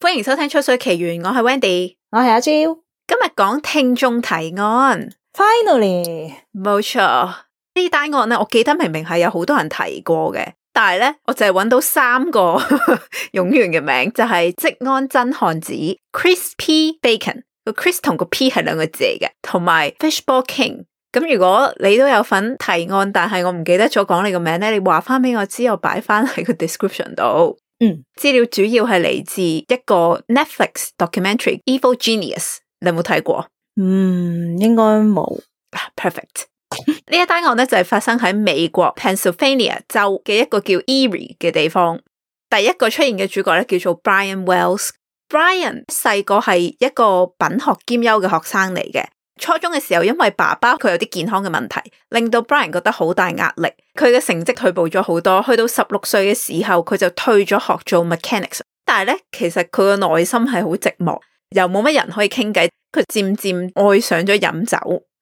歡迎收聽《吹水奇緣》，我係 Wendy，我係阿 Jo。今日講聽眾提案，Finally 冇錯。呢單案呢，我記得明明係有好多人提過嘅，但係呢，我就係揾到三個用完嘅名，就係、是、職安真漢子、Chris P Bacon。個 Chris 同個 P 係兩個字嚟嘅，同埋 Fishball King。咁如果你都有份提案，但係我唔記得咗講你個名咧，你話翻俾我知，我擺翻喺個 description 度。嗯，資料主要係嚟自一個 Netflix documentary Evil Genius，你有冇睇過？嗯，應該冇。Perfect。呢一單案咧就係發生喺美國 Pennsylvania 州嘅一個叫 Erie 嘅地方。第一個出現嘅主角咧叫做 Brian Wells。Brian 細個係一個品學兼優嘅學生嚟嘅。初中嘅時候，因為爸爸佢有啲健康嘅問題，令到 Brian 覺得好大壓力。佢嘅成績退步咗好多。去到十六歲嘅時候，佢就退咗學做 mechanics。但係咧，其實佢嘅內心係好寂寞，又冇乜人可以傾偈。佢漸漸愛上咗飲酒，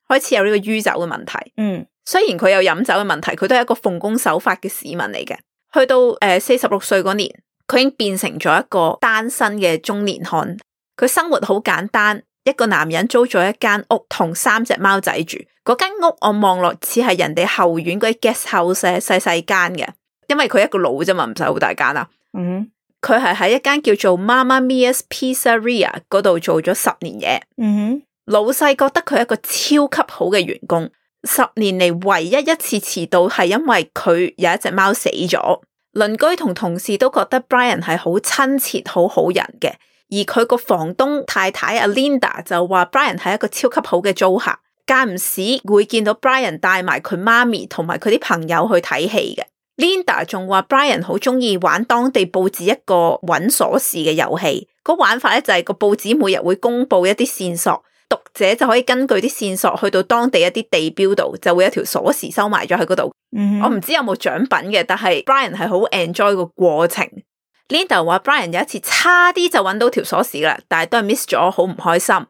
開始有呢個酗酒嘅問題。嗯，雖然佢有飲酒嘅問題，佢都係一個奉公守法嘅市民嚟嘅。去到誒四十六歲嗰年。佢已經變成咗一個單身嘅中年漢，佢生活好簡單，一個男人租咗一間屋同三隻貓仔住。嗰間屋我望落似係人哋後院嗰啲 guest house 細細間嘅，因為佢一個佬啫嘛，唔使好大間啦。嗯、mm，佢係喺一間叫做 Mamma Mia’s Pizzeria 嗰度做咗十年嘢。嗯哼、mm，hmm. 老細覺得佢係一個超級好嘅員工，十年嚟唯一一次遲到係因為佢有一隻貓死咗。鄰居同同事都覺得 Brian 係好親切好好人嘅，而佢個房東太太阿 Linda 就話 Brian 係一個超級好嘅租客，間唔時會見到 Brian 帶埋佢媽咪同埋佢啲朋友去睇戲嘅。阿 Linda 仲話 Brian 好中意玩當地報紙一個揾鎖匙嘅遊戲，個玩法咧就係個報紙每日會公佈一啲線索。者就可以根據啲線索去到當地一啲地標度，就會有條鎖匙收埋咗喺嗰度。Mm hmm. 我唔知有冇獎品嘅，但係 Brian 係好 enjoy 個過程。Linda 話 Brian 有一次差啲就揾到條鎖匙啦，但係都係 miss 咗，好唔開心。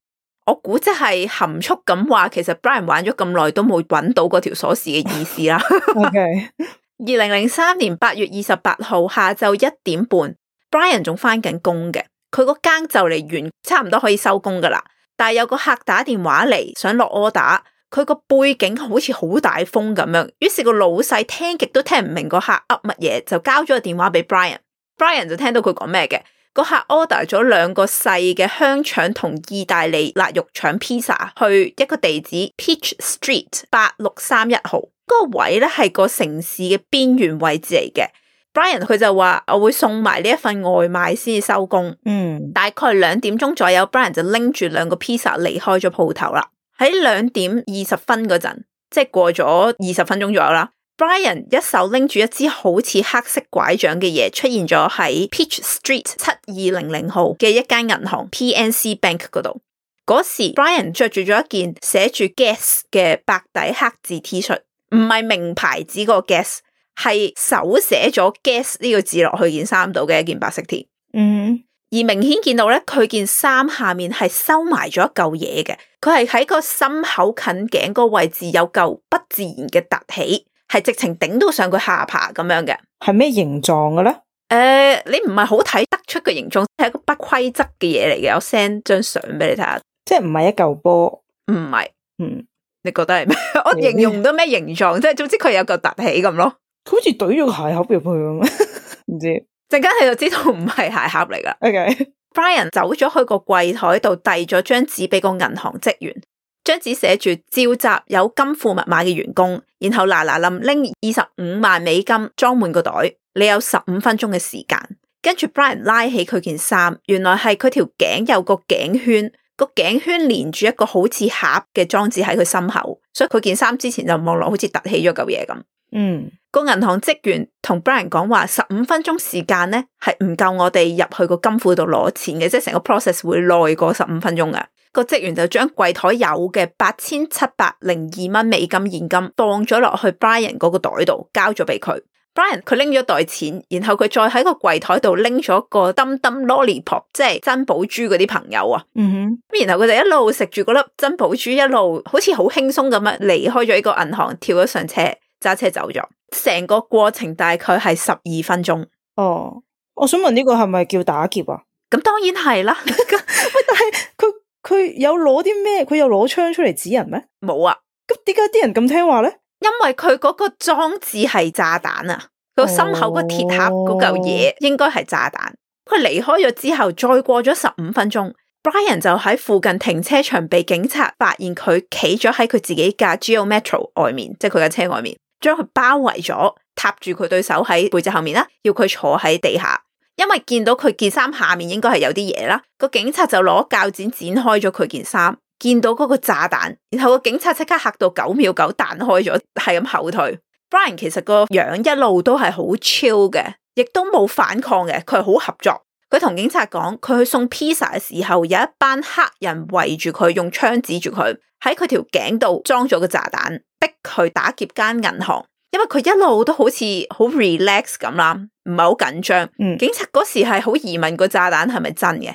我估即係含蓄咁話，其實 Brian 玩咗咁耐都冇揾到嗰條鎖匙嘅意思啦。 OK，二零零三年八月二十八號下晝一點半，Brian 仲翻緊工嘅，佢個更就嚟完，差唔多可以收工噶啦。但係有個客打電話嚟想落 order，佢個背景好似好大風咁樣，於是個老細聽極都聽唔明個客噏乜嘢，就交咗個電話俾 Brian，Brian 就聽到佢講咩嘅，個客 order 咗兩個細嘅香腸同意大利辣肉腸 pizza 去一個地址 Peach Street 八六三一號，嗰個位咧係個城市嘅邊緣位置嚟嘅。Brian 佢就話我會送埋呢一份外賣先至收工。嗯，大概兩點鐘左右，Brian 就拎住兩個 pizza 離開咗鋪頭啦。喺兩點二十分嗰陣，即係過咗二十分鐘左右啦。Brian 一手拎住一支好似黑色拐杖嘅嘢，出現咗喺 Peach Street 七二零零號嘅一間銀行 PNC Bank 嗰度。嗰時 Brian 着住咗一件寫住 Guess 嘅白底黑字 T 恤，唔係名牌子嗰個 Guess。係手寫咗 guess 呢個字落去件衫度嘅一件白色 T。嗯，而明顯見到咧，佢件衫下面係收埋咗一嚿嘢嘅。佢係喺個心口近頸嗰個位置有嚿不自然嘅凸起，係直情頂到上佢下巴咁樣嘅。係咩形狀嘅咧？誒，uh, 你唔係好睇得出個形狀，係一個不規則嘅嘢嚟嘅。我 send 張相俾你睇下，即係唔係一嚿波？唔係是，嗯，你覺得係咩？ 我形容唔到咩形狀？即係總之佢有嚿凸起咁咯。佢好似懟咗個鞋盒入去咁，唔 知道。陣間佢就知道唔係鞋盒嚟噶。Okay. Brian 走咗去個櫃台度遞咗張紙俾個銀行職員，張紙寫住召集有金庫密碼嘅員工，然後嗱嗱林拎二十五萬美金裝滿個袋，你有十五分鐘嘅時間。跟住 Brian 拉起佢件衫，原來係佢條頸有個頸圈，個頸圈連住一個好似盒嘅裝置喺佢心口，所以佢件衫之前就望落好似凸起咗嚿嘢咁。嗯，個銀行職員同 Brian 講，話十五分鐘時間咧，係唔夠我哋入去個金庫度攞錢嘅，即係成個 process 會耐過十五分鐘嘅。個職員就將櫃台有嘅八千七百零二蚊美金現金放咗落去 Brian 嗰個袋度，交咗俾佢。Brian 佢拎咗袋錢，然後佢再喺個櫃台度拎咗個 Dum Dum lollipop，即係珍寶珠嗰啲朋友啊。嗯哼，咁然後佢就一路食住嗰粒珍寶珠，一路好似好輕鬆咁樣離開咗呢個銀行，跳咗上車。揸車走咗，成個過程大概係十二分鐘。哦，我想問呢個係咪叫打劫啊？咁當然係啦。喂， 但係佢佢有攞啲咩？佢有攞槍出嚟，指人咩？冇啊。咁點解啲人咁聽話咧？因為佢嗰個裝置係炸彈啊！哦、佢個心口嗰鐵盒嗰嚿嘢應該係炸彈。佢離開咗之後，再過咗十五分鐘，Brian 就喺附近停車場被警察發現，佢企咗喺佢自己架 Geo Metro 外面，即係佢架車外面。將佢包圍咗，踏住佢對手喺背脊後面啦，要佢坐喺地下。因為見到佢件衫下面應該係有啲嘢啦，個警察就攞鉸剪剪開咗佢件衫，見到嗰個炸彈，然後個警察即刻吓到九秒九彈開咗，係咁後退。Brian 其實個樣一路都係好超嘅，亦都冇反抗嘅，佢係好合作。佢同警察講，佢去送披薩嘅時候，有一班黑人圍住佢，用槍指住佢，喺佢條頸度裝咗個炸彈，逼佢打劫間銀行。因為佢一路都好似好 relax 咁啦，唔係好緊張。嗯，警察嗰時係好疑問個炸彈係咪真嘅？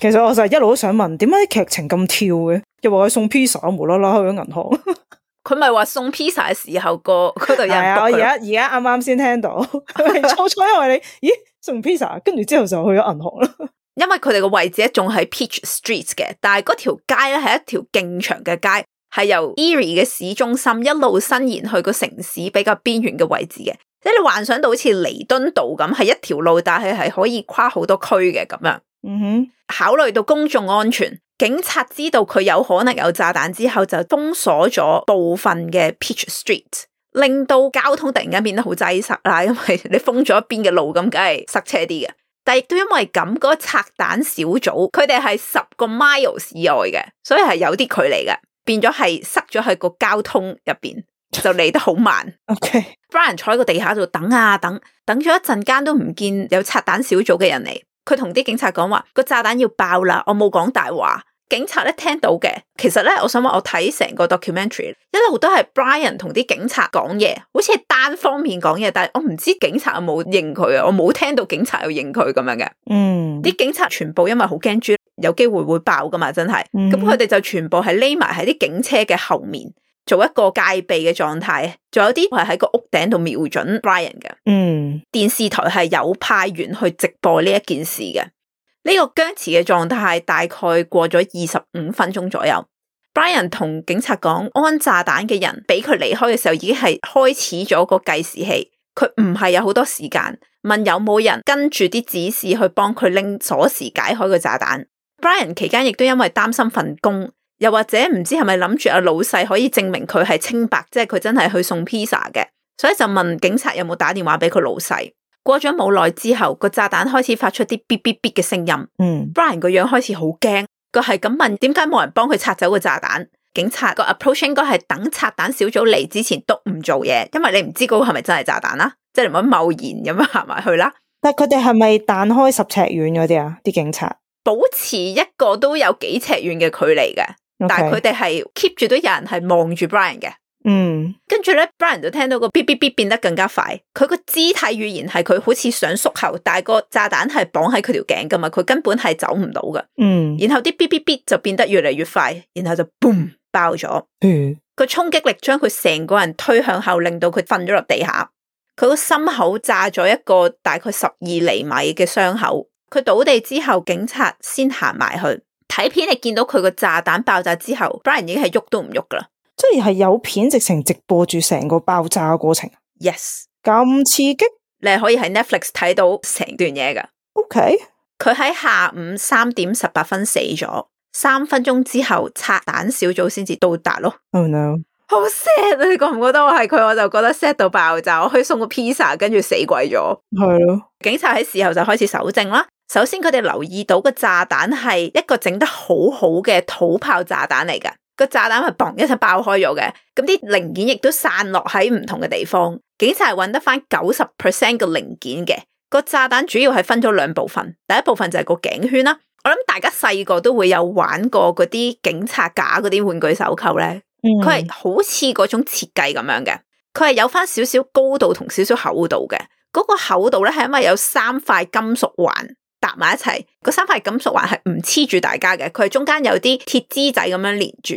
其實我就一路都想問，點解啲劇情咁跳嘅？又話佢送披薩，無啦啦去咗銀行。 佢咪話送 pizza 嘅時候過嗰度？係啊，我而家而家啱啱先聽到，佢好因我你咦送 pizza，跟住之後就去咗銀行啦。因為佢哋嘅位置仲係 Peach Street 嘅，但係嗰條街咧係一條勁長嘅街，係由 Erie 嘅市中心一路伸延去個城市比較邊緣嘅位置嘅，即係你幻想到好似彌敦道咁，係一條路，但係係可以跨好多區嘅咁樣。嗯哼、mm，hmm. 考慮到公眾安全。警察知道佢有可能有炸彈之後，就封鎖咗部分嘅 Peach Street，令到交通突然間變得好擠塞啦。因為你封咗一邊嘅路，咁梗係塞車啲嘅。但係亦都因為咁，嗰個拆彈小組佢哋係十個 miles 以外嘅，所以係有啲距離嘅，變咗係塞咗喺個交通入邊，就嚟得好慢。OK，Brian 坐喺個地下度等啊等，等咗一陣間都唔見有拆彈小組嘅人嚟。佢同啲警察講話個炸彈要爆啦，我冇講大話。警察咧聽到嘅，其實咧，我想話我睇成個 documentary 一路都係 Brian 同啲警察講嘢，好似係單方面講嘢，但係我唔知警察有冇應佢啊，我冇聽到警察有應佢咁樣嘅。嗯，啲警察全部因為好驚，住，有機會會爆噶嘛，真係。咁佢哋就全部係匿埋喺啲警車嘅後面。做一個戒備嘅狀態，仲有啲係喺個屋頂度瞄準 Brian 嘅。嗯，電視台係有派員去直播呢一件事嘅。呢個僵持嘅狀態大概過咗二十五分鐘左右。Brian 同警察講安炸彈嘅人俾佢離開嘅時候，已經係開始咗個計時器，佢唔係有好多時間問有冇人跟住啲指示去幫佢拎鎖匙解開個炸彈。Brian 期間亦都因為擔心份工。又或者唔知係咪諗住阿老細可以證明佢係清白，即係佢真係去送披薩嘅，所以就問警察有冇打電話俾佢老細。過咗冇耐之後，個炸彈開始發出啲嗶嗶嗶嘅聲音。嗯，Brian 個樣開始好驚，佢係咁問：點解冇人幫佢拆走個炸彈？警察個 approach 應該係等拆彈小組嚟之前，都唔做嘢，因為你唔知嗰個係咪真係炸彈啦，啊，即係唔好冒然咁行埋去啦，啊。但佢哋係咪彈開十尺遠嗰啲啊？啲警察保持一個都有幾尺遠嘅距離嘅。但係佢哋係 keep 住都有人係望住 Brian 嘅，嗯，跟住咧 Brian 就聽到個嗶嗶嗶變得更加快，佢個肢體語言係佢好似想縮喉，但係個炸彈係綁喺佢條頸噶嘛，佢根本係走唔到噶，嗯，然後啲嗶嗶嗶就變得越嚟越快，然後就 boom 爆咗，嗯，個衝擊力將佢成個人推向後，令到佢瞓咗落地下，佢個心口炸咗一個大概十二厘米嘅傷口，佢倒地之後，警察先行埋去。睇片你見到佢個炸彈爆炸之後 Brian 已經係喐都唔喐噶啦。即係係有片直情直播住成個爆炸過程。Yes，咁刺激，你係可以喺 Netflix 睇到成段嘢噶。OK，佢喺下午三點十八分死咗，三分鐘之後拆彈小組先至到達咯。Oh no，好 sad 你覺唔覺得我係佢我就覺得 sad 到爆炸，我去送個 pizza 跟住死鬼咗，係咯。 警察喺事後就開始搜證啦。首先，佢哋留意到個炸彈係一個整得好好嘅土炮炸彈嚟噶，個炸彈係嘣一聲爆開咗嘅，咁啲零件亦都散落喺唔同嘅地方。警察係揾得翻九十 percent 個零件嘅，個炸彈主要係分咗兩部分。第一部分就係個頸圈啦，我諗大家細個都會有玩過嗰啲警察架、嗰啲玩具手扣咧，佢係、mm hmm. 好似嗰種設計咁樣嘅，佢係有翻少少高度同少少厚度嘅，嗰、嗰個厚度咧係因為有三塊金屬環。搭埋一齊，個三塊金屬環係唔黐住大家嘅，佢係中間有啲鐵枝仔咁樣連住，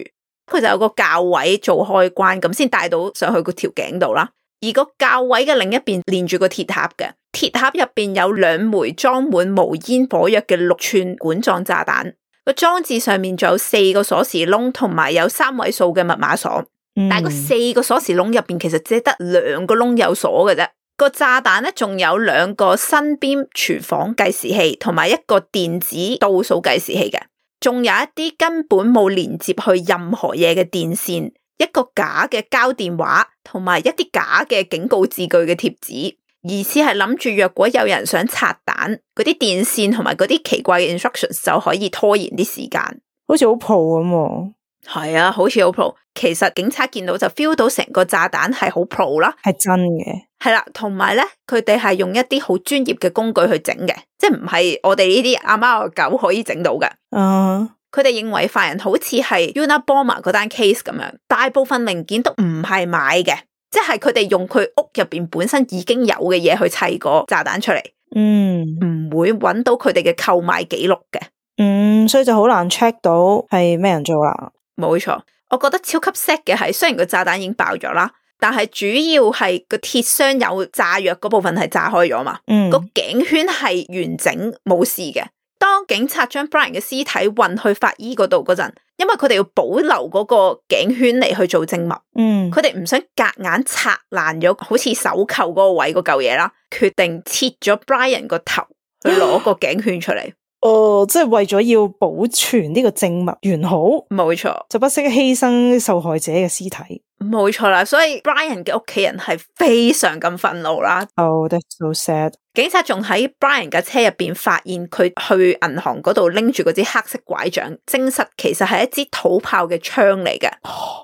佢就有個較位做開關，咁先帶到上去個條頸度啦。而個較位嘅另一邊連住個鐵盒嘅，鐵盒入邊有兩枚裝滿無煙火藥嘅六寸管狀炸彈，個裝置上面仲有四個鎖匙窿，同埋有三位數嘅密碼鎖，但係個四個鎖匙窿入邊其實只得兩個窿有鎖嘅啫。個炸彈咧，仲有兩個身邊廚房計時器，同埋一個電子倒數計時器嘅，仲有一啲根本冇連接去任何嘢嘅電線，一個假嘅膠電話，同埋一啲假嘅警告字句嘅貼紙，疑似係諗住若果有人想拆彈，嗰啲電線同埋嗰啲奇怪嘅 instructions 就可以拖延啲時間，好似好鋪咁。係啊，好似好 pro。其實警察見到就 feel 到成個炸彈係好 pro 啦，係真嘅。係啦、啊，同埋咧，佢哋係用一啲好專業嘅工具去整嘅，即係唔係我哋呢啲阿貓阿狗可以整到嘅。嗯、啊，佢哋認為犯人好似係 Unabomber 嗰單 case 咁樣，大部分零件都唔係買嘅，即係佢哋用佢屋入邊本身已經有嘅嘢去砌個炸彈出嚟。嗯，唔會揾到佢哋嘅購買記錄嘅。嗯，所以就好難 check 到係咩人做啦。冇錯，我覺得超級 sad 嘅係，雖然個炸彈已經爆咗啦，但係主要係個鐵箱有炸藥嗰部分係炸開咗嘛。嗯，個頸圈係完整冇事嘅。當警察將 Brian 嘅屍體運去法醫嗰度嗰陣，因為佢哋要保留嗰個頸圈嚟去做證物。嗯，佢哋唔想夾硬，硬拆爛咗，好似手扣嗰個位嗰嚿嘢啦，決定切咗 Brian 頭個頭去攞個頸圈出嚟。啊哦，即係為咗要保存呢個證物完好，冇錯，就不惜犧牲受害者嘅屍體，冇錯啦。所以 Brian 嘅屋企人係非常咁憤怒啦。哦、oh, that's so sad。警察仲喺 Brian 嘅車入邊發現佢去銀行嗰度拎住嗰支黑色拐杖，證實其實係一支土炮嘅槍嚟嘅。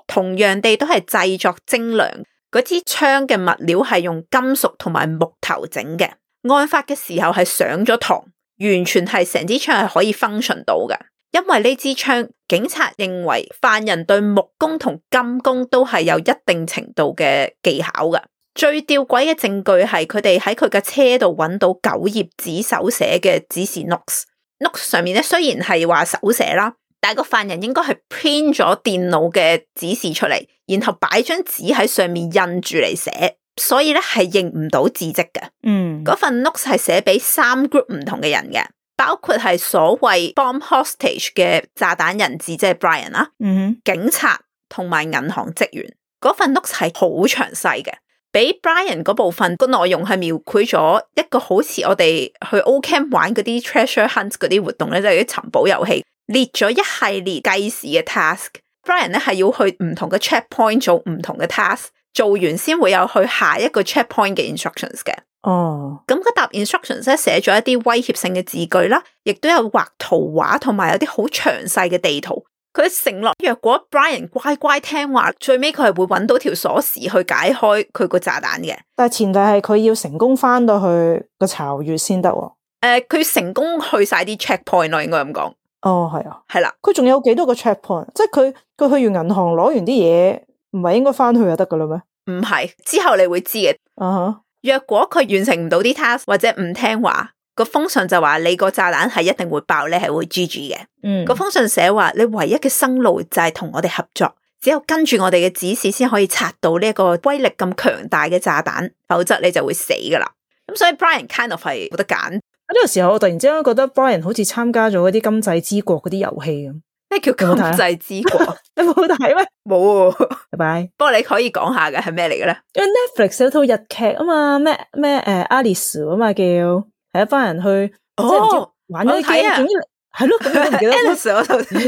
同樣地，都係製作精良，嗰支槍嘅物料係用金屬同埋木頭整嘅。案發嘅時候係上咗膛。完全係成支槍係可以 function 到嘅，因為呢支槍警察認為犯人對木工同金工都係有一定程度嘅技巧嘅。最吊詭嘅證據係佢哋喺佢嘅車度揾到九頁紙手寫嘅指示 notes，notes 上面咧雖然係話手寫啦，但係個犯人應該係 print 咗電腦嘅指示出嚟，然後擺張紙喺上面印住嚟寫。所以咧係認唔到字跡嘅，嗯，嗰份 note 係寫俾三 group 唔同嘅人嘅，包括係所謂 bomb hostage 嘅炸彈人質，即係 Brian 啦，嗯哼，警察同埋銀行職員，嗰份 note 係好詳細嘅，俾 Brian 嗰部分個內容係描繪咗一個好似我哋去 Ocamp 玩嗰啲 treasure hunt 嗰啲活動咧，即係啲尋寶遊戲，列咗一系列計時嘅 task，Brian 咧係要去唔同嘅 checkpoint 做唔同嘅 task。做完先會有去下一個 checkpoint 嘅 instructions 嘅。哦，咁個答 instructions 咧寫咗一啲威脅性嘅字句啦，亦都有畫圖畫，同埋有啲好詳細嘅地圖。佢承諾，若果 Brian 乖乖聽話，最尾佢係會揾到條鎖匙去解開佢個炸彈嘅。但係前提係佢要成功翻到去個巢穴先得。誒、呃，佢成功去晒啲 checkpoint 咯，應該咁講。哦的，係啊，係啦。佢仲有幾多個 checkpoint？即係佢佢去完銀行攞完啲嘢。唔係應該翻去就得噶啦咩？唔係，之後你會知嘅。啊、uh，huh. 若果佢完成唔到啲 task 或者唔聽話，個封信就話你個炸彈係一定會爆，你係會 GG 嘅。嗯，個封信寫話你唯一嘅生路就係同我哋合作，只有跟住我哋嘅指示先可以拆到呢一個威力咁強大嘅炸彈，否則你就會死噶啦。咁所以 Brian kind of 係冇得揀。啊，呢個時候我突然之間覺得 Brian 好似參加咗嗰啲今際之國嗰啲遊戲咁。咩叫今際之國？ 你冇睇咩？冇，拜拜。不過你可以講下嘅係咩嚟嘅咧？因為 Netflix 有套日劇啊嘛，咩咩誒 Alice 啊嘛，叫係一班人去哦玩嗰啲 game。係咯，Alice 我頭先，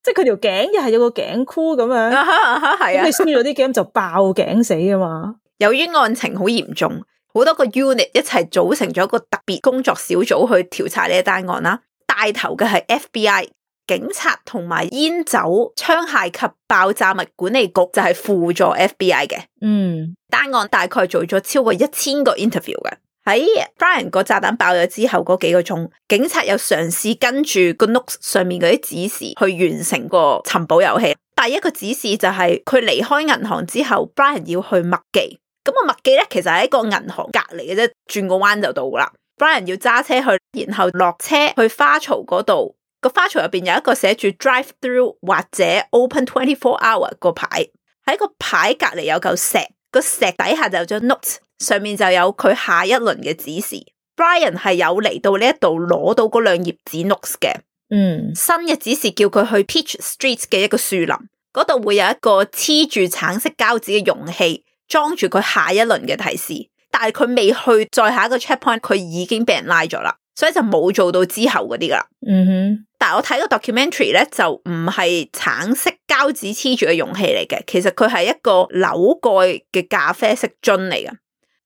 即係佢條頸又係有個頸箍咁樣，因為輸咗啲 game 就爆頸死啊嘛。由於案情好嚴重，好多個 unit 一齊組成咗個特別工作小組去調查呢一單案啦。帶頭嘅係 FBI。警察同埋煙酒、槍械及爆炸物管理局就係輔助 FBI 嘅。嗯，單案大概做咗超過一千個 interview 嘅。喺 Brian 個炸彈爆咗之後嗰幾個鐘，警察又嘗試跟住個 notes 上面嗰啲指示去完成個尋寶遊戲。第一個指示就係、是、佢離開銀行之後，Brian 要去麥記。咁、那個麥記咧，其實係一個銀行隔籬嘅啫，轉個彎就到啦。Brian 要揸車去，然後落車去花槽嗰度。個花槽入邊有一個寫住 drive through 或者 open twenty four hour 個牌，喺個牌隔籬有嚿石，個石底下就有張 notes，上面就有佢下一輪嘅指示。Brian 係有嚟到呢一度攞到嗰兩頁紙 notes 嘅，嗯，新嘅指示叫佢去 Peach Street 嘅一個樹林，嗰度會有一個黐住橙色膠紙嘅容器裝住佢下一輪嘅提示，但係佢未去再下一個 checkpoint，佢已經被人拉咗啦。所以就冇做到之後嗰啲噶啦，mm hmm. 但係我睇個 documentary 咧，就唔係橙色膠紙黐住嘅容器嚟嘅，其實佢係一個扭蓋嘅咖啡色樽嚟嘅。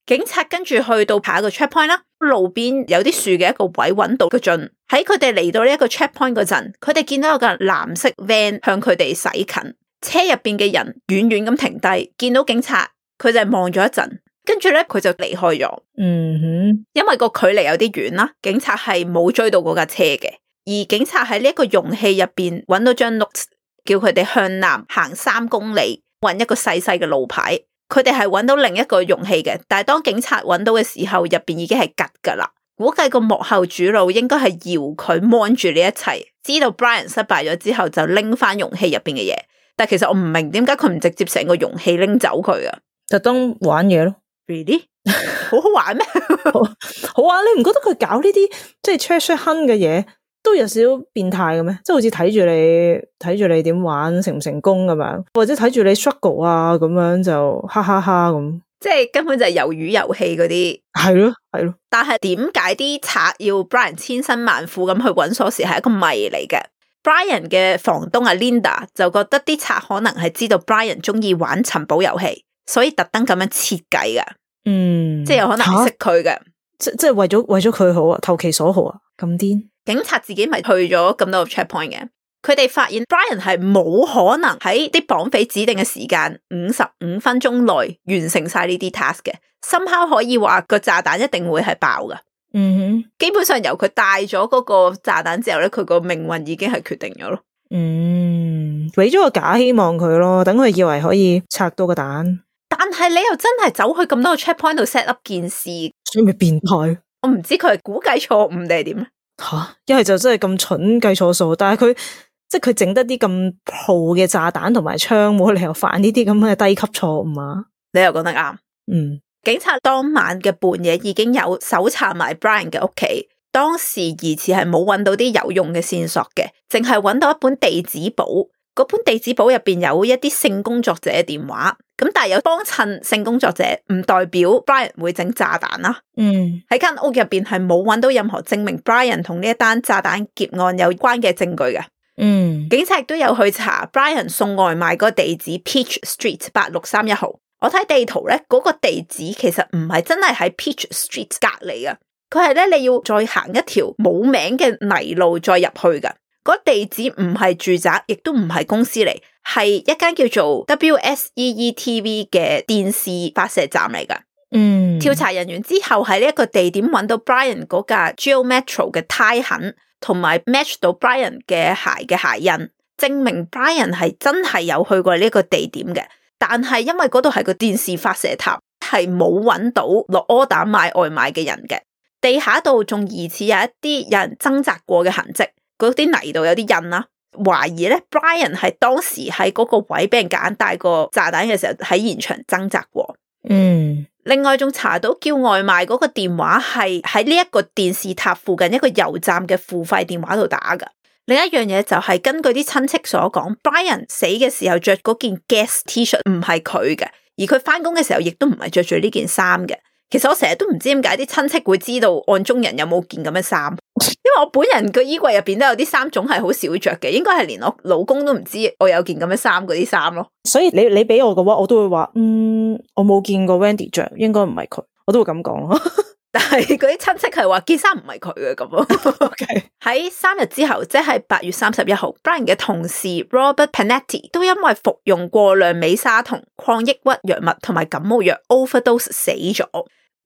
警察跟住去到下一個 checkpoint 啦，路邊有啲樹嘅一個位揾到個樽。喺佢哋嚟到呢一個 checkpoint 嗰陣，佢哋見到有個、個藍色 van 向佢哋駛近，車入邊嘅人遠遠咁停低，見到警察佢就望咗一陣。跟住咧，佢就離開咗。嗯哼，因為個距離有啲遠啦，警察係冇追到嗰架車嘅。而警察喺呢一個容器入邊揾到張 notes 叫佢哋向南行三公里，揾一個細細嘅路牌。佢哋係揾到另一個容器嘅，但係當警察揾到嘅時候，入邊已經係吉噶啦。估計個幕後主腦應該係搖佢望住呢一切，知道 Brian 失敗咗之後，就拎翻容器入邊嘅嘢。但其實我唔明點解佢唔直接成個容器拎走佢啊？就當玩嘢咯。Really? 好好玩咩？ 好啊，你唔覺得佢搞呢啲即係 treasure hunt 嘅嘢都有少少變態嘅咩？即係好似睇住你睇住你點玩成唔成功咁樣，或者睇住你 struggle 啊咁樣就哈哈哈咁。即係根本就係魷魚遊戲嗰啲。係咯，係咯。但係點解啲賊要 Brian 千辛萬苦咁去搵鎖匙係一個謎嚟嘅？Brian 嘅房東阿 Linda 就覺得啲賊可能係知道 Brian 中意玩尋寶遊戲。所以特登咁樣設計噶，嗯，即係有可能識佢嘅、啊，即即係為咗為咗佢好啊，投其所好啊，咁癲！警察自己咪去咗咁多個 check point 嘅，佢哋發現 Brian 係冇可能喺啲綁匪指定嘅時間五十五分鐘內完成晒呢啲 task 嘅，somehow 可以話個炸彈一定會係爆噶。嗯哼，基本上由佢帶咗嗰個炸彈之後咧，佢個命運已經係決定咗咯。嗯，俾咗個假希望佢咯，等佢以為可以拆到個蛋。但係你又真係走去咁多個 checkpoint 度 set up 件事，所以咪變態？我唔知佢係估計錯誤定係點咧？吓、啊，一係就真係咁蠢計錯數，但係佢即係佢整得啲咁暴嘅炸彈同埋槍，冇理由啊、你又犯呢啲咁嘅低級錯誤啊？你又講得啱，嗯。警察當晚嘅半夜已經有搜查埋 Brian 嘅屋企，當時疑似係冇揾到啲有用嘅線索嘅，淨係揾到一本地址簿。嗰本地址簿入邊有一啲性工作者嘅電話，咁但係有幫襯性工作者，唔代表 Brian 會整炸彈啦、啊。嗯，喺間屋入邊係冇揾到任何證明 Brian 同呢一單炸彈劫案有關嘅證據嘅。嗯，mm. 警察亦都有去查 Brian 送外賣個地址 Peach Street 八六三一號。我睇地圖咧，嗰、嗰個地址其實唔係真係喺 Peach Street 隔籬啊，佢係咧你要再行一條冇名嘅泥路再入去噶。個地址唔係住宅，亦都唔係公司嚟，係一間叫做 WSETV 嘅電視發射站嚟噶。嗯，調查人員之後喺呢一個地點搵到 Brian 嗰架 Geo Metro 嘅 t i 胎痕，同埋 match 到 Brian 嘅鞋嘅鞋，鞋印，證明 Brian 係真係有去過呢個地點嘅。但係因為嗰度係個電視發射塔，係冇搵到落 order 買外賣嘅人嘅。地下度仲疑似有一啲有人掙扎過嘅痕跡。嗰啲泥度有啲印啦，啊，懷疑咧，Brian 係當時喺嗰個位俾人夾硬帶個炸彈嘅時候喺現場掙扎過。嗯，另外仲查到叫外賣嗰個電話係喺呢一個電視塔附近一個油站嘅付費電話度打㗎。另一樣嘢就係根據啲親戚所講，Brian 死嘅時候着嗰件 Guess T 恤唔係佢嘅，而佢翻工嘅時候亦都唔係着住呢件衫嘅。其實我成日都唔知點解啲親戚會知道案中人有冇件咁嘅衫，因為我本人個衣櫃入邊都有啲衫，總係好少着嘅，應該係連我老公都唔知我有件咁嘅衫嗰啲衫咯。所以你你俾我嘅話，我都會話，嗯，我冇見過 Wendy 着，應該唔係佢，我都會咁講咯。 但係嗰啲親戚係話件衫唔係佢嘅咁。喺三日之後，即係八月三十一號，Brian 嘅同事 Robert Panetti 都因為服用過量美沙酮、抗抑鬱藥物同埋感冒藥 overdose 死咗。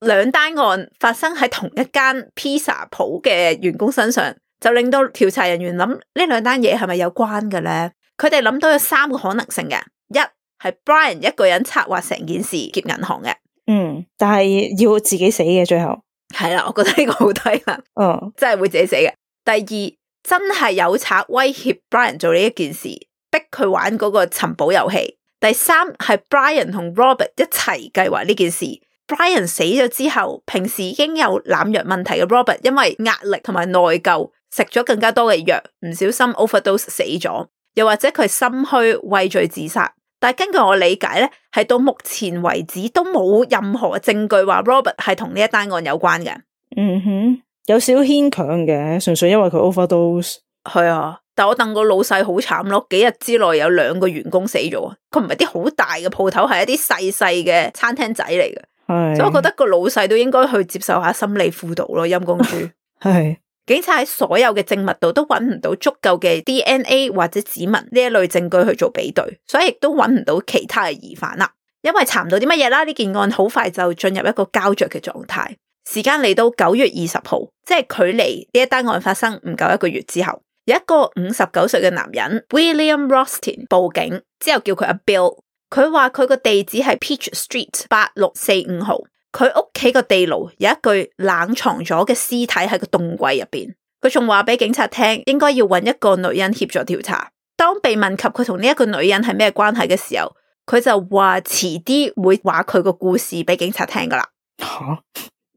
兩單案發生喺同一間披薩鋪嘅員工身上，就令到調查人員諗呢兩單嘢係咪有關嘅咧？佢哋諗到有三個可能性嘅：一係 Brian 一個人策劃成件事劫銀行嘅，嗯，但係要自己死嘅最後係啦。我覺得呢個好低啦，嗯、哦，真係會自己死嘅。第二真係有賊威脅 Brian 做呢一件事，逼佢玩嗰個尋寶遊戲。第三係 Brian 同 Robert 一齊計劃呢件事。Brian 死咗之後，平時已經有濫藥問題嘅 Robert，因為壓力同埋內疚，食咗更加多嘅藥，唔小心 overdose 死咗。又或者佢心虛畏罪自殺。但係根據我理解咧，係到目前為止都冇任何證據話 Robert 係同呢一單案有關嘅。嗯哼，有少牽強嘅，純粹因為佢 overdose。係啊，但我戥個老細好慘咯，幾日之內有兩個員工死咗。佢唔係啲好大嘅鋪頭，係一啲細細嘅餐廳仔嚟嘅。 所以我覺得個老細都應該去接受下心理輔導咯，陰公豬。係 警察喺所有嘅證物度都揾唔到足夠嘅 DNA 或者指紋呢一類證據去做比對，所以亦都揾唔到其他嘅疑犯啦。因為查唔到啲乜嘢啦，呢件案好快就進入一個膠着嘅狀態。時間嚟到九月二十號，即係距離呢一單案發生唔夠一個月之後，有一個五十九歲嘅男人 William Rostin 報警之後，叫佢阿 Bill。佢話佢個地址係 Peach Street 八六四五號，佢屋企個地牢有一具冷藏咗嘅屍體喺個凍櫃入邊。佢仲話俾警察聽，應該要搵一個女人協助調查。當被問及佢同呢一個女人係咩關係嘅時候，佢就話遲啲會話佢個故事俾警察聽噶啦。吓，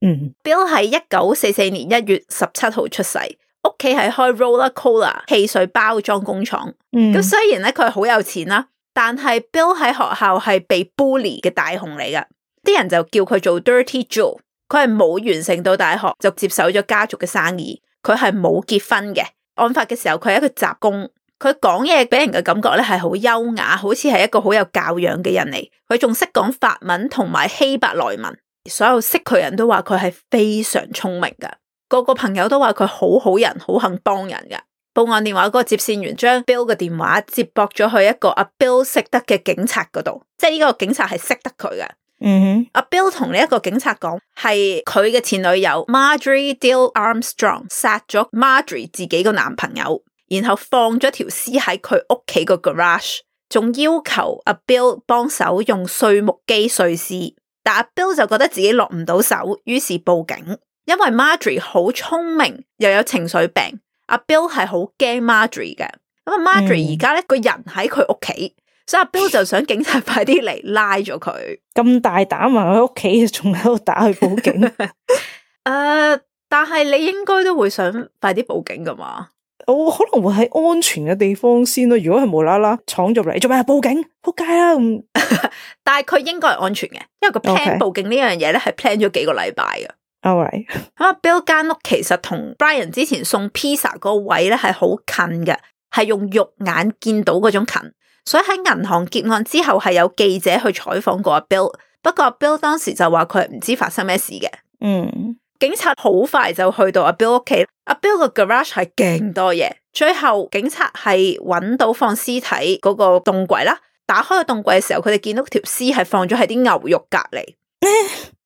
嗯，Bill 係一九四四年一月十七號出世，屋企係開 Rola Cola，汽水包裝工廠。嗯，咁雖然咧佢好有錢啦。但係 Bill 喺學校係被 bully 嘅大雄嚟噶，啲人就叫佢做 dirty jewel，佢係冇完成到大學就接手咗家族嘅生意。佢係冇結婚嘅。案發嘅時候佢係一個雜工。佢講嘢俾人嘅感覺咧係好優雅，好似係一個好有教養嘅人嚟。佢仲識講法文同埋希伯來文。所有識佢人都話佢係非常聰明噶，個個朋友都話佢好好人，好肯幫人噶。報案電話嗰個接線員將 Bill 嘅電話接駁咗去一個阿 Bill 識得嘅警察嗰度，即係呢個警察係識得佢嘅。嗯哼、mm，阿、hmm. Bill 同呢一個警察講係佢嘅前女友 Marjorie Diehl Armstrong 殺咗 Marjorie 自己個男朋友，然後放咗條屍喺佢屋企個 garage，仲要求阿 Bill 幫手用碎木機碎屍，但阿 Bill 就覺得自己落唔到手，於是報警，因為 Marjorie 好聰明又有情緒病。阿 Bill 係好驚 Marjorie 嘅，咁阿 Marjorie 而家咧個人喺佢屋企，所以阿 Bill 就想警察快啲嚟拉咗佢。咁大膽啊，喺屋企，仲喺度打佢報警？誒 呃，但係你應該都會想快啲報警噶嘛？我、哦、可能會喺安全嘅地方先咯。如果係無啦啦闖入嚟，做咩啊？報警撲街啦！嗯、 但係佢應該係安全嘅，因為個 plan 報警呢樣嘢咧係 plan 咗幾個禮拜嘅。哦，係咁阿 Bill 間屋其實同 Brian 之前送披薩個位咧係好近嘅，係用肉眼見到嗰種近。所以喺銀行劫案之後，係有記者去採訪過阿 Bill，不過阿 Bill 當時就話佢係唔知發生咩事嘅。嗯、hmm.，警察好快就去到阿 Bill 屋企，阿 Bill 個 garage 係勁多嘢。最後警察係搵到放屍體嗰個凍櫃啦，打開個凍櫃嘅時候，佢哋見到條屍係放咗喺啲牛肉隔籬。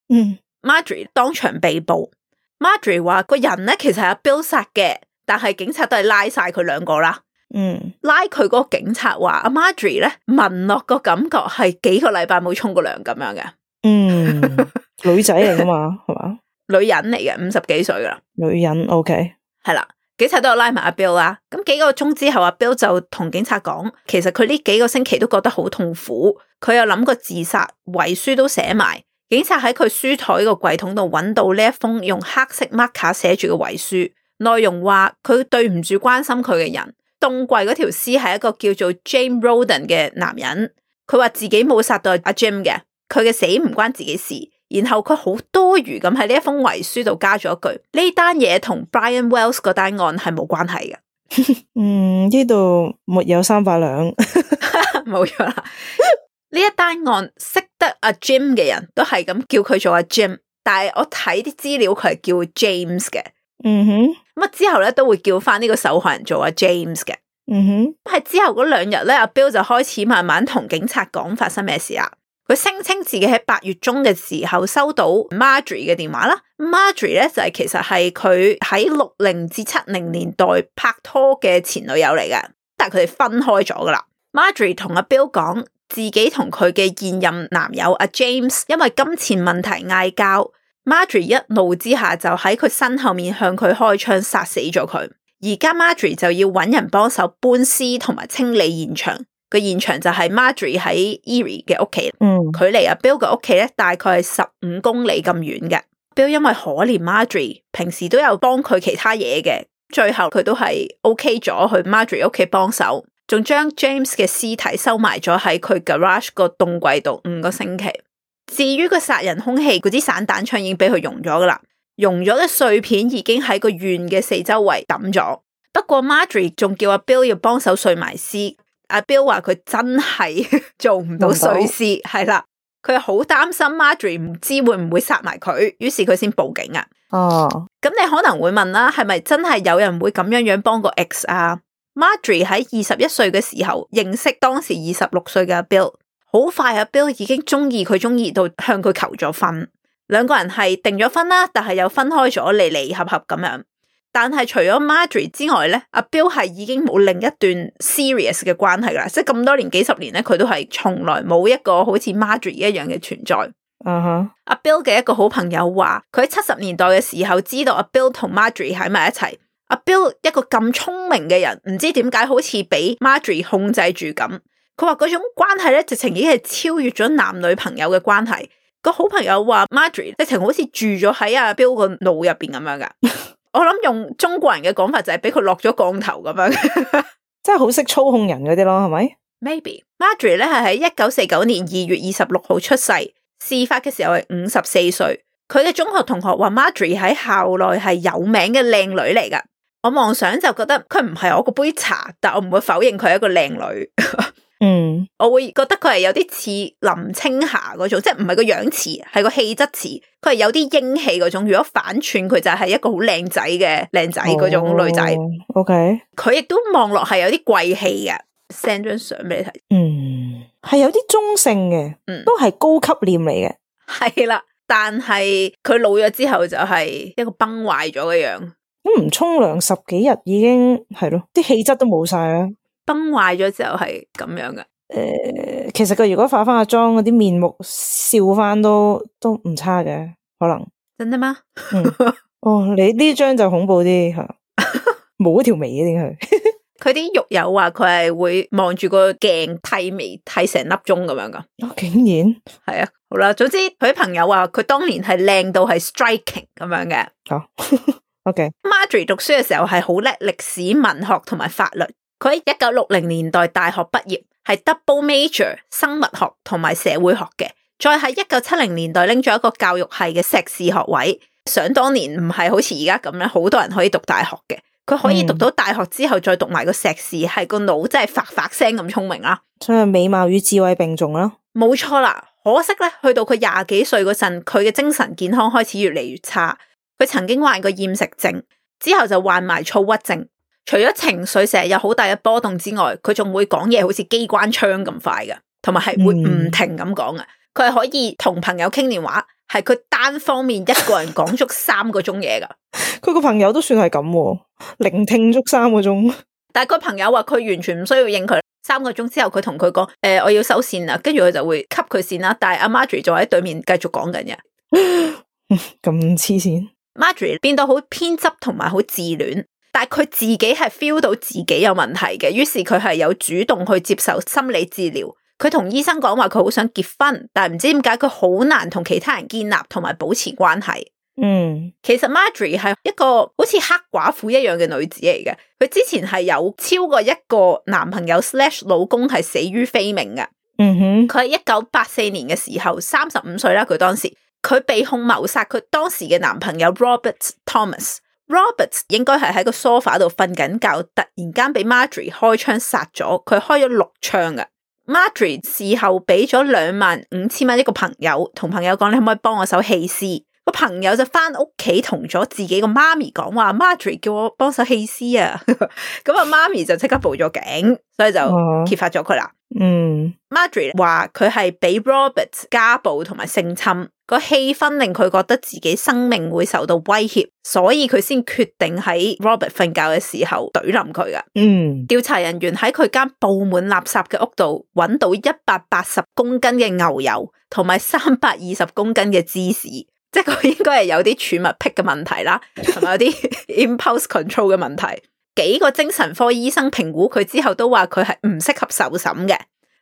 嗯、 mm。Hmm. Marjorie 當場被捕。Marjorie 話：個人咧其實係阿 Bill 殺嘅，但係警察都係拉晒佢兩個啦。嗯，拉佢個警察話：阿 Marjorie 咧聞落個感覺係幾個禮拜冇沖過涼咁樣嘅。嗯，女仔嚟噶嘛，係嘛？女人嚟嘅，五十幾歲㗎啦。女人，OK，係啦。警察都有拉埋阿 Bill 啊。咁幾個鐘之後，阿 Bill 就同警察講：其實佢呢幾個星期都覺得好痛苦，佢又諗過自殺，遺書都寫埋。警察喺佢書枱個櫃桶度揾到呢一封用黑色 marker 寫住嘅遺書，內容話佢對唔住關心佢嘅人。凍櫃嗰條屍係一個叫做 James Roden 嘅男人，佢話自己冇殺到阿 Jim 嘅，佢嘅死唔關自己事。然後佢好多餘咁喺呢一封遺書度加咗一句：呢單嘢同 Brian Wells 嗰單案係冇關係嘅。嗯，呢度沒有三百兩，冇咗啦。 呢一單案識得阿 Jim 嘅人都係咁叫佢做阿 Jim，但係我睇啲資料佢係叫 James 嘅。嗯哼、mm，咁、hmm. 之後咧都會叫翻呢個受害人做阿 James 嘅。嗯哼、mm，喺、hmm. 之後嗰兩日咧，阿 Bill 就開始慢慢同警察講發生咩事啊。佢聲稱自己喺八月中嘅時候收到 Marjorie 嘅電話啦。Marjorie 咧就係、是、其實係佢喺六零至七零年代拍拖嘅前女友嚟嘅，但係佢哋分開咗噶啦。Marjorie 同阿 Bill 講。自己同佢嘅現任男友阿 James 因為金錢問題嗌交，Marjorie 一怒之下就喺佢身後面向佢開槍殺死咗佢。而家 Marjorie 就要揾人幫手搬屍同埋清理現場。個現場就係 Marjorie 喺 Erie 嘅屋企，嗯，佢離阿 Bill 嘅屋企咧大概係十五公里咁遠嘅。Bill 因為可憐 Marjorie，平時都有幫佢其他嘢嘅，最後佢都係 OK 咗去 Marjorie 屋企幫手。仲將 James 嘅屍體收埋咗喺佢 garage 個凍櫃度五個星期。至於個殺人兇器，嗰支散彈槍已經俾佢溶咗噶啦，溶咗嘅碎片已經喺個院嘅四周圍抌咗。不過 Marjorie 仲叫阿 Bill 要幫手碎埋屍。阿 Bill 話佢真係 做唔到碎屍，係啦到，佢好擔心 Marjorie 唔知會唔會殺埋佢，於是佢先報警啊。哦，咁你可能會問啦，係咪真係有人會咁樣樣幫個 ex 啊？Margery 喺二十一歲嘅時候認識當時二十六歲嘅 Bill。好快阿 Bill 已經中意佢中意到向佢求咗婚，兩個人係訂咗婚啦，但係又分開咗，離離合合咁樣。但係除咗 Margery 之外咧，阿、啊、Bill 係已經冇另一段 serious 嘅關係啦，即係咁多年幾十年咧，佢都係從來冇一個好似 Margery 一樣嘅存在。阿、uh huh. Bill 嘅一個好朋友話，佢喺七十年代嘅時候知道阿 Bill 同 Margery 喺埋一齊。阿 Bill 一個咁聰明嘅人，唔知點解好似俾 Marjorie 控制住咁。佢話嗰種關係咧，直情已經係超越咗男女朋友嘅關係。個好朋友話 Marjorie 直情好似住咗喺阿 Bill 個腦入邊咁樣噶。 我諗用中國人嘅講法就係俾佢落咗降頭咁樣， 真係好識操控人嗰啲咯，係咪？Maybe Marjorie 咧係喺一九四九年二月二十六號出世，事發嘅時候係五十四歲。佢嘅中學同學話 Marjorie 喺校內係有名嘅靚女嚟噶。我妄想就覺得佢唔係我嗰杯茶，但我唔會否認佢係一個靚女。 嗯，我會覺得佢係有啲似林青霞嗰種，即係唔係個樣似，係個氣質似，佢係有啲英氣嗰種。如果反串佢就係一個好靚仔嘅靚仔嗰種女仔，哦。OK，佢亦都望落係有啲貴氣嘅，send 張相俾你睇。嗯，係有啲中性嘅，嗯，都係高級念嚟嘅，係啦。但係佢老咗之後就係一個崩壞咗嘅樣。咁唔沖涼十幾日已經係咯，啲氣質都冇晒啦，崩壞咗之後係咁樣噶。誒、呃，其實佢如果化翻個妝，嗰啲面目笑翻都都唔差嘅，可能。真的嗎？哦、嗯， oh, 你呢張就恐怖啲，係冇咗條眉嘅、啊，點佢？佢啲獄友話佢係會望住個鏡剃眉，剃成粒鐘咁樣噶、哦。竟然係啊，好啦，總之佢啲朋友話佢當年係靚到係 striking 咁樣嘅。好。 OK，Marjorie Okay. 讀書嘅時候係好叻歷史、文學同埋法律。佢喺一九六零年代大學畢業，係 double major 生物學同埋社會學嘅。再喺一九七零年代拎咗一個教育系嘅碩士學位。想當年唔係好似而家咁樣，好多人可以讀大學嘅。佢可以讀到大學之後再讀埋個碩士，係、嗯、個腦真係發發聲咁聰明啊，所以美貌與智慧並重啦、啊，冇錯啦。可惜咧，去到佢廿幾歲嗰陣，佢嘅精神健康開始越嚟越差。佢曾經患過厭食症，之後就患埋躁鬱症。除咗情緒成日有好大嘅波動之外，佢仲會講嘢，好似機關槍咁快嘅，同埋係會唔停咁講嘅。佢係、嗯、可以同朋友傾電話，係佢單方面一個人講足三個鐘嘢噶。佢個朋友都算係咁、啊，聆聽足三個鐘。但係個朋友話佢完全唔需要應佢，三個鐘之後佢同佢講：，誒、欸，我要收線啦。跟住佢就會 cut 佢線啦。但係阿 Margie 就喺對面繼續講緊嘅，咁黐線。Marjorie 變到好偏執同埋好自戀，但係佢自己係 feel 到自己有問題嘅，於是佢係有主動去接受心理治療。佢同醫生講話，佢好想結婚，但係唔知點解佢好難同其他人建立同埋保持關係。嗯，其實 Marjorie 係一個好似黑寡婦一樣嘅女子嚟嘅，佢之前係有超過一個男朋友 slash 老公係死於非命嘅。嗯哼，佢係一九八四年嘅時候三十五歲啦，佢當時。佢被控謀殺佢當時嘅男朋友 Robert Thomas。Robert 應該係喺個 sofa 度瞓緊覺，突然間俾 Marjorie 開槍殺咗。佢開咗六槍噶。Marjorie 事後俾咗兩萬五千蚊一個朋友，同朋友講：你可唔可以幫我手棄屍？個朋友就翻屋企同咗自己個媽咪講話：Marjorie 叫我幫手棄屍啊！咁啊媽咪就即刻報咗警，所以就揭發咗佢啦。嗯，Marjorie 話佢係俾 Robert 家暴同埋性侵。個氣氛令佢覺得自己生命會受到威脅，所以佢先決定喺 Robert 瞓覺嘅時候懟冧佢噶。嗯，調查人員喺佢間布滿垃圾嘅屋度揾到一百八十公斤嘅牛油同埋三百二十公斤嘅芝士，即係佢應該係有啲儲物癖嘅問題啦，同埋 有啲 impulse control 嘅問題。幾個精神科醫生評估佢之後都話佢係唔適合受審嘅。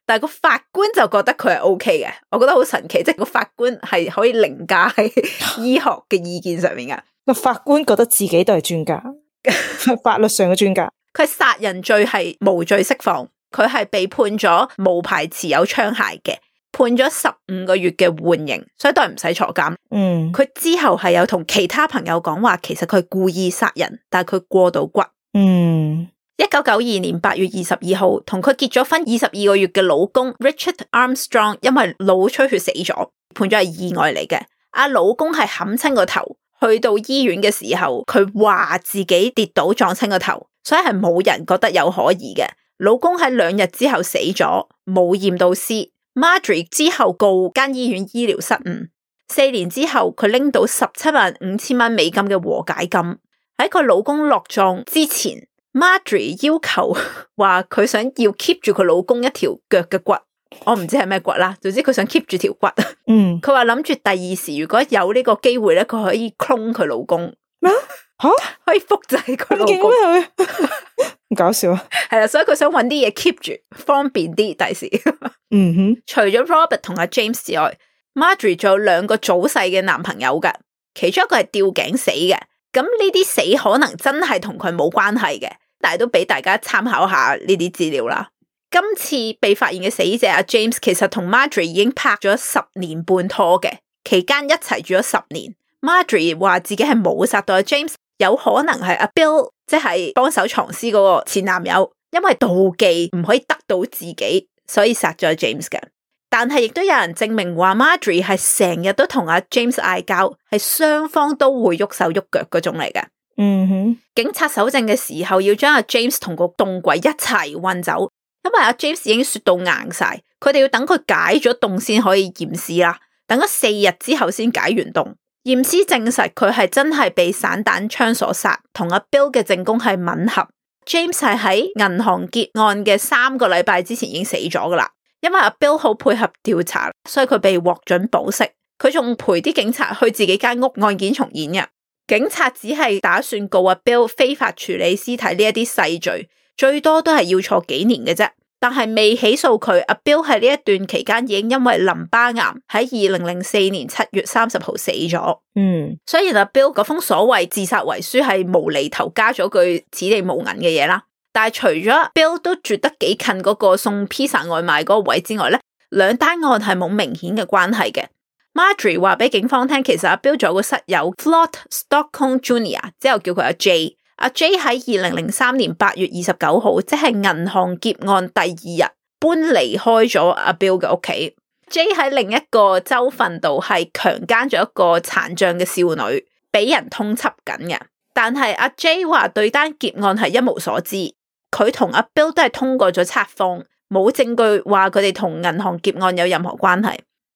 但係個法官就覺得佢係 OK 嘅，我覺得好神奇，即係個法官係可以凌駕喺醫學嘅意見上面噶。個 法官覺得自己都係專家， 法律上嘅專家。佢殺人罪係無罪釋放，佢係被判咗無牌持有槍械嘅，判咗十五個月嘅緩刑，所以都係唔使坐監。嗯，佢之後係有同其他朋友講話，其實佢故意殺人，但係佢過到骨。嗯。一九九二年八月二十二號，同佢結咗婚二十二個月嘅老公 Richard Armstrong 因為腦出血死咗，判咗係意外嚟嘅。阿老公係冚親個頭，去到醫院嘅時候，佢話自己跌倒撞親個頭，所以係冇人覺得有可疑嘅。老公喺兩日之後死咗，冇驗到屍。Marjorie 之後告間醫院醫療失誤，四年之後佢拎到十七萬五千蚊美金嘅和解金，喺佢老公落葬之前。Marjorie 要求話佢想要 keep 住佢老公一條腳嘅骨，我唔知係咩骨啦，總之佢想 keep 住條骨。嗯，佢話諗住第二時如果有呢個機會咧，佢可以 clone 佢老公吓、啊、可以複製佢老公？ 唔搞笑啊！係啦， 所以佢想揾啲嘢 keep 住方便啲第時。 嗯哼，除咗 Robert 同阿 James 之外 Marjorie 仲有兩個早逝嘅男朋友嘅，其中一個係吊頸死嘅。咁呢啲死可能真係同佢冇關係嘅，但係都俾大家參考下呢啲資料啦。今次被發現嘅死者阿 James 其實同 Marjorie 已經拍咗十年半拖嘅，期間一齊住咗十年。Marjorie 話自己係冇殺到阿 James，有可能係阿 Bill 即係幫手藏屍嗰個前男友，因為妒忌唔可以得到自己，所以殺咗阿 James 嘅。但係，亦都有人證明話，Marjorie 係成日都同阿 James 嗌交，係雙方都會喐手喐腳嗰種嚟嘅。嗯哼、mm，hmm. 警察搜證嘅時候，要將阿 James 同個凍櫃一齊運走，因為阿 James 已經雪到硬晒，佢哋要等佢解咗凍先可以驗屍啦。等咗四日之後先解完凍，驗屍證實佢係真係被散彈槍所殺，同阿 Bill 嘅證供係吻合。James 係喺銀行結案嘅三個禮拜之前已經死咗噶啦。因為阿 Bill 好配合調查，所以佢被獲准保釋。佢仲陪啲警察去自己間屋案件重演嘅。警察只係打算告阿 Bill 非法處理屍體呢一啲細罪，最多都係要坐幾年嘅啫。但係未起訴佢，阿 Bill 喺呢一段期間已經因為淋巴癌喺二零零四年七月三十號死咗。嗯，所以阿 Bill 嗰封所謂自殺遺書係無厘頭加咗句此地無銀嘅嘢啦。但係除咗 Bill 都住得幾近嗰個送披薩外賣嗰個位置之外咧，兩單案係冇明顯嘅關係嘅。Marjorie 話俾警方聽，其實阿 Bill 仲有個室友 Floyd Stockton Junior，之後叫佢阿 J。阿 J 喺二零零三年八月二十九號，即係銀行劫案第二日搬離開咗阿 Bill 嘅屋企。J 喺另一個州份度係強奸咗一個殘障嘅少女，俾人通緝緊嘅。但係阿 J 話對單劫案係一無所知。佢同阿 Bill 都係通過咗測謊，冇證據話佢哋同銀行劫案有任何關係。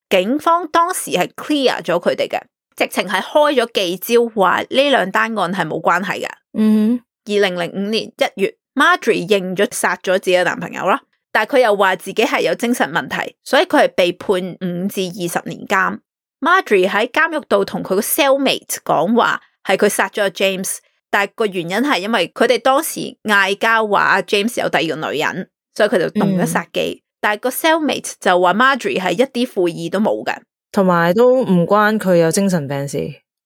警方當時係 clear 咗佢哋嘅，直情係開咗記招，話呢兩單案係冇關係嘅。嗯、mm，二零零五年一月，Marjorie 認咗殺咗自己嘅男朋友啦，但係佢又話自己係有精神問題，所以佢係被判五至二十年監。Marjorie 喺監獄度同佢嘅 cellmate 講話，係佢殺咗阿 James。但係個原因係因為佢哋當時嗌交話 James 有第二個女人，所以佢、嗯、就動咗殺機。但係個 cellmate 就話 Marjorie 係一啲悔意都冇嘅，同埋都唔關佢有精神病史。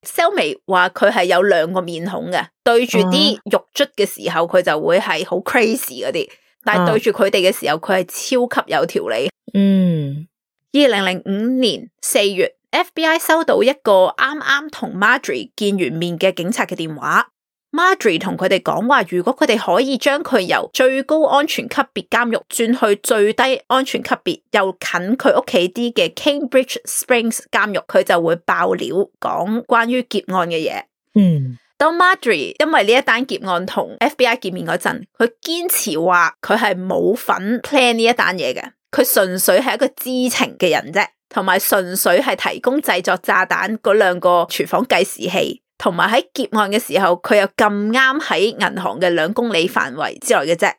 Cellmate 話佢係有兩個面孔嘅，對住啲獄卒嘅時候佢就會係好 crazy 嗰啲，啊、但係對住佢哋嘅時候佢係超級有條理、啊。嗯，二零零五年四月，FBI 收到一個啱啱同 Marjorie 見完面嘅警察嘅電話。Marjorie 同佢哋講話，如果佢哋可以將佢由最高安全級別監獄轉去最低安全級別又近佢屋企啲嘅 Cambridge Springs 監獄，佢就會爆料講關於劫案嘅嘢。嗯，當 Marjorie 因為呢一單劫案同 FBI 見面嗰陣，佢堅持話佢係冇份 plan 呢一單嘢嘅，佢純粹係一個知情嘅人啫，同埋純粹係提供製作炸彈嗰兩個廚房計時器。同埋喺劫案嘅時候，佢又咁啱喺銀行嘅兩公里範圍之內嘅啫。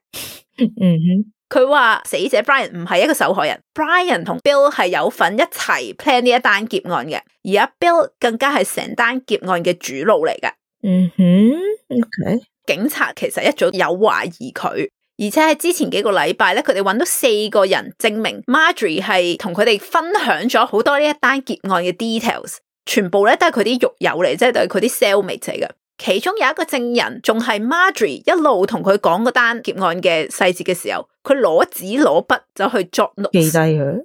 嗯哼、mm，佢、hmm. 話死者 Brian 唔係一個受害人，Brian 同 Bill 係有份一齊 plan 呢一單劫案嘅，而阿 Bill 更加係成單劫案嘅主腦嚟嘅。嗯哼、mm hmm.，OK，警察其實一早有懷疑佢，而且喺之前幾個禮拜咧，佢哋揾到四個人證明 Marjorie 係同佢哋分享咗好多呢一單劫案嘅 details。全部咧都係佢啲獄友嚟，即係對佢啲 cellmate 嚟嘅。其中有一個證人仲係 Marjorie 一路同佢講嗰單劫案嘅細節嘅時候，佢攞紙攞筆就去作 note，記低佢。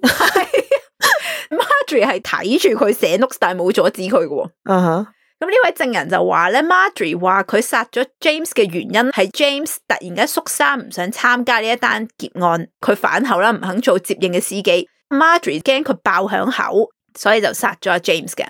Marjorie 係睇住佢寫 note 但係冇阻止佢嘅。啊咁呢位證人就話咧，Marjorie 話佢殺咗 James 嘅原因係 James 突然間縮沙唔想參加呢一單劫案，佢反口啦，唔肯做接應嘅司機。Marjorie 驚佢爆響口，所以就殺咗阿 James 嘅。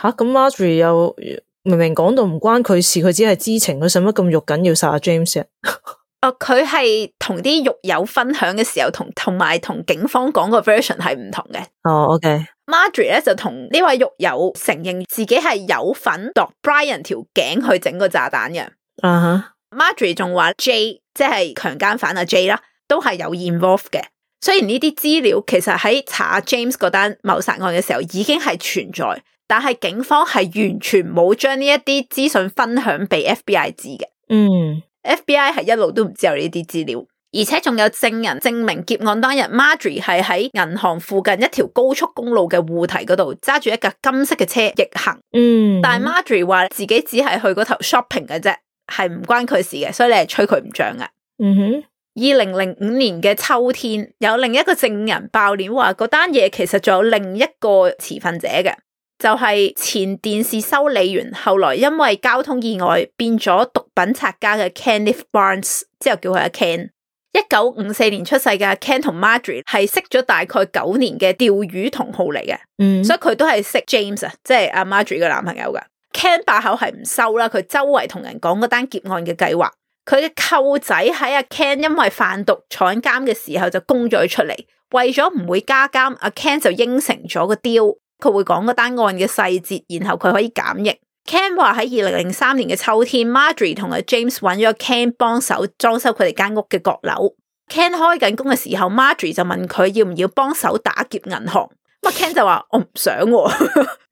吓咁，Marjorie 又明明講到唔關佢事，佢只係知情，佢使乜咁肉緊要殺阿 James 啊 ？哦，佢係同啲獄友分享嘅時候，同同埋同警方講個 version 係唔同嘅。哦，OK，Marjorie 咧就同呢位獄友承認自己係有份度 Brian 條頸去整個炸彈嘅。啊哈，Marjorie 仲話 J 即係強奸犯阿 J 啦，都係有 involve 嘅。雖然呢啲資料其實喺查 James 嗰單謀殺案嘅時候已經係存在。但係警方係完全冇將呢一啲資訊分享俾、mm. FBI 知嘅。嗯，FBI 係一路都唔知有呢啲資料，而且仲有證人證明劫案當日，Marjorie 係喺銀行附近一條高速公路嘅護堤嗰度揸住一架金色嘅車逆行。嗯，mm. 但係 Marjorie 話自己只係去嗰頭 shopping 嘅啫，係唔關佢事嘅，所以你係吹佢唔漲嘅。嗯哼、mm，二零零五年嘅秋天，有另一個證人爆料話，嗰單嘢其實仲有另一個持份者嘅。就係前電視修理員，後來因為交通意外變咗毒品拆家嘅 Kenneth Barnes，之後叫佢阿 Ken。一九五四年出世嘅阿 Ken 同 Marjorie 係識咗大概九年嘅釣魚同好嚟嘅，嗯，mm. 所以佢都係識 James 啊，即係阿 Marjorie 嘅男朋友噶。 Ken 把口係唔收啦，佢周圍同人講嗰單劫案嘅計劃。佢嘅舅仔喺阿 Ken 因為販毒坐緊監嘅時候，就供咗佢出嚟，為咗唔會加監，阿 Ken 就應承咗個 deal 佢會講個單案嘅細節，然後佢可以減刑。Ken 話喺二零零三年嘅秋天，Marjorie 同阿 James 揾咗 Ken 幫手裝修佢哋間屋嘅閣樓。Ken 開緊工嘅時候，Marjorie 就問佢要唔要幫手打劫銀行。咁啊，Ken 就話我唔想、哦。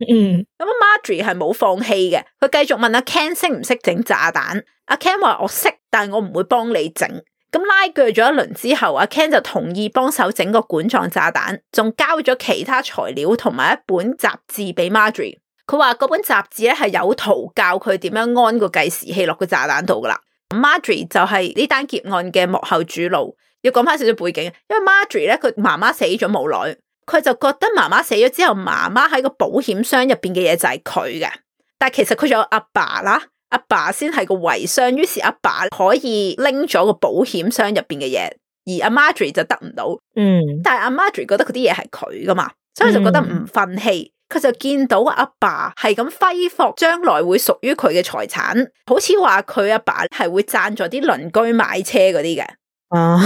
嗯， 咁啊、mm.，Marjorie 係冇放棄嘅，佢繼續問阿 Ken 識唔識整炸彈。阿 Ken 話我識，但係我唔會幫你整。咁拉鋸咗一輪之後，阿 Ken 就同意幫手整個管狀炸彈，仲交咗其他材料同埋一本雜誌俾 Marjorie。佢話嗰本雜誌咧係有圖教佢點樣安個計時器落個炸彈度噶啦。Marjorie 就係呢單劫案嘅幕後主腦。要講翻少少背景，因為 Marjorie 咧佢媽媽死咗冇耐，佢就覺得媽媽死咗之後，媽媽喺個保險箱入邊嘅嘢就係佢嘅，但係其實佢仲有阿爸啦。阿爸先係個遺孀，於是阿爸，爸可以拎咗個保險箱入邊嘅嘢，而阿 Margery 就得唔到。嗯，但係阿 Margery 覺得佢啲嘢係佢噶嘛，所以就覺得唔忿氣。佢、嗯、就見到阿爸係咁揮霍將來會屬於佢嘅財產，好似話佢阿爸係會贊助啲鄰居買車嗰啲嘅。哦、啊，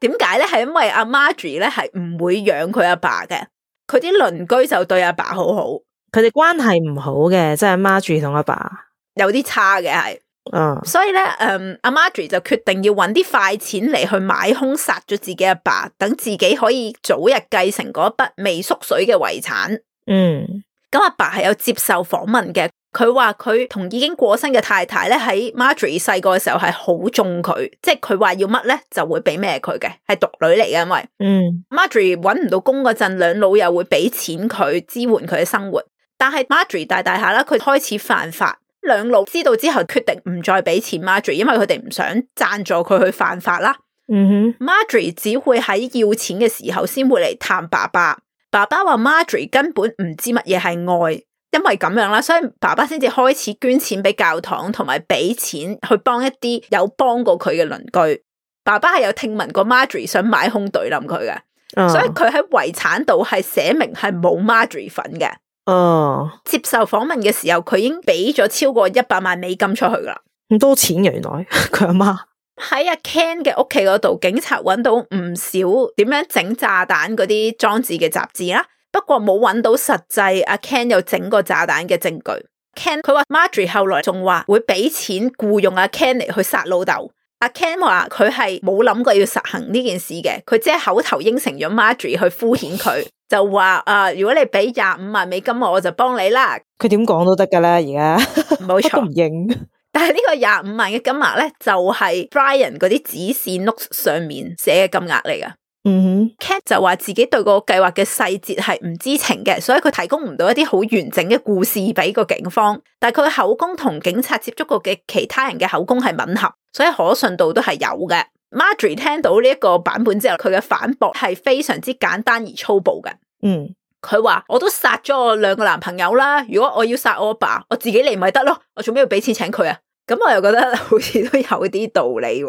點解咧？係因為阿 Margery 咧係唔會養佢阿爸嘅，佢啲鄰居就對阿爸好好。佢哋關係唔好嘅，即係 Marjorie 同阿爸，爸有啲差嘅係、oh.，嗯，所、啊、以咧，嗯，阿 Marjorie 就決定要搵啲快錢嚟去買兇殺咗自己阿爸，爸，等自己可以早日繼承嗰筆未縮水嘅遺產。嗯，咁阿爸係有接受訪問嘅，佢話佢同已經過身嘅太太咧喺 Marjorie 細個嘅時候係好中佢，即係佢話要乜咧就會俾咩佢嘅，係獨女嚟嘅，因為嗯 Marjorie 搵唔到工嗰陣，兩老又會俾錢佢支援佢嘅生活。但係 Marjorie 大大下啦，佢開始犯法，兩老知道之後，決定唔再俾錢 Marjorie，因為佢哋唔想贊助佢去犯法啦。嗯哼，Marjorie 只會喺要錢嘅時候先會嚟探爸爸。爸爸話 Marjorie 根本唔知乜嘢係愛，因為咁樣啦，所以爸爸先至開始捐錢俾教堂，同埋俾錢去幫一啲有幫過佢嘅鄰居。爸爸係有聽聞過 Marjorie 想買兇懟冧佢嘅，oh. 所以佢喺遺產度係寫明係冇 Marjorie 份嘅。啊！接受訪問嘅時候，佢已經俾咗超過一百萬美金出去啦，咁多錢、啊、原來佢阿媽喺阿 Ken 嘅屋企嗰度，警察揾到唔少點樣整炸彈嗰啲裝置嘅雜誌啦，不過冇揾到實際阿 Ken 有整個炸彈嘅證據。 Ken 佢話 Margie 後來仲話會俾錢雇傭阿 Ken 嚟去殺老豆。阿 Ken 話佢係冇諗過要實行呢件事嘅，佢即係口頭應承咗 Marjorie 去敷衍佢，就話啊、呃，如果你俾廿五萬美金，我就幫你啦。佢點講都得噶啦，而家冇錯。 都唔認，但係呢個廿五萬嘅金額咧，就係、是、Brian 嗰啲指示 note 上面寫嘅金額嚟噶。嗯，Cat、mm hmm. 就話自己對個計劃嘅細節係唔知情嘅，所以佢提供唔到一啲好完整嘅故事俾個警方。但係佢口供同警察，接觸過嘅其他人嘅口供係吻合，所以可信度都係有嘅。Marjorie 聽到呢一個版本之後，佢嘅反駁係非常之簡單而粗暴嘅。嗯、mm，佢、hmm. 話我都殺咗我兩個男朋友啦，如果我要殺我阿爸、爸，我自己嚟，咪得咯，我做咩要俾錢請佢啊？咁我又覺得好似都有啲道理。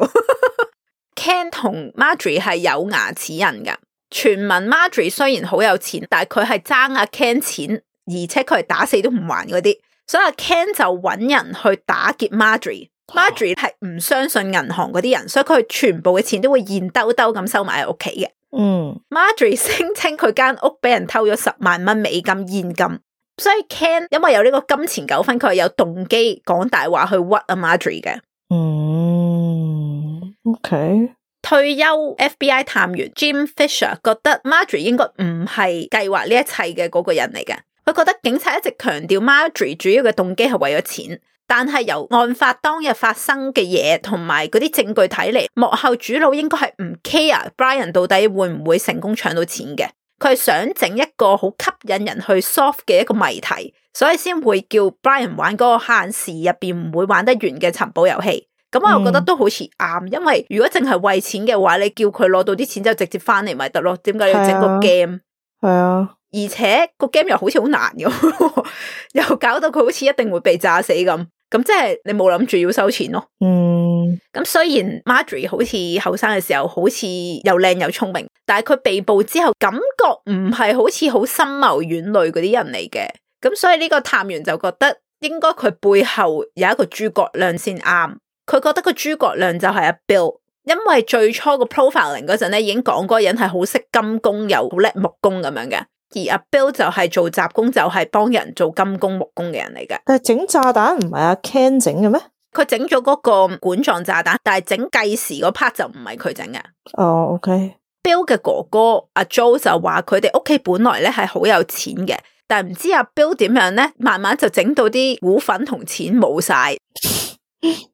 Ken 同 Marjorie 係有牙齒印㗎，傳聞 Marjorie 雖然好有錢，但係佢係爭阿 Ken 錢，而且佢係打死都唔還嗰啲，所以阿、啊、Ken 就揾人去打劫 Marjorie。Marjorie 係唔相信銀行嗰啲人，所以佢全部嘅錢都會現兜兜咁收埋喺屋企嘅。嗯，Marjorie 聲稱佢間屋俾人偷咗十萬蚊美金現金，所以 Ken 因為有呢個金錢糾紛，佢係有動機講大話去屈阿 Marjorie 嘅。OK，退休 FBI 探員 Jim Fisher 覺得 Marjorie 應該唔係計劃呢一切嘅嗰個人嚟嘅。佢覺得警察一直強調 Marjorie 主要嘅動機係為咗錢，但係由案發當日發生嘅嘢同埋嗰啲證據睇嚟，幕後主腦應該係唔 care Brian 到底會唔會成功搶到錢嘅。佢係想整一個好吸引人去 solve 嘅一個謎題，所以先會叫 Brian 玩嗰個限時入邊唔會玩得完嘅尋寶遊戲。咁我又覺得都好似啱，嗯、因為如果淨係為錢嘅話，你叫佢攞到啲錢之後直接翻嚟咪得咯。點解你要整個 game？係啊，嗯嗯、而且、個 game 又好似好難嘅， 又搞到佢好似一定會被炸死咁。咁即係你冇諗住要收錢咯。嗯。咁雖然 Marjorie 好似後生嘅時候好似又靚又聰明，但係佢被捕之後，感覺唔係好似好深謀遠慮嗰啲人嚟嘅。咁所以呢個探員就覺得，應該佢背後有一個諸葛亮先啱。佢覺得個諸葛亮就係阿 Bill，因為最初個 profiling 嗰陣咧，已經講過個人係好識金工又好叻木工咁樣嘅，而阿 Bill 就係做雜工，就係、是、幫人做金工木工嘅人嚟嘅。但係整炸彈唔係阿 Ken 整嘅咩？佢整咗嗰個管狀炸彈，但係整計時嗰 part 就唔係佢整嘅。哦、oh，OK。Bill 嘅哥哥阿 Joe 就話：佢哋屋企本來咧係好有錢嘅，但係唔知阿 Bill 點樣咧，慢慢就整到啲股份同錢冇晒。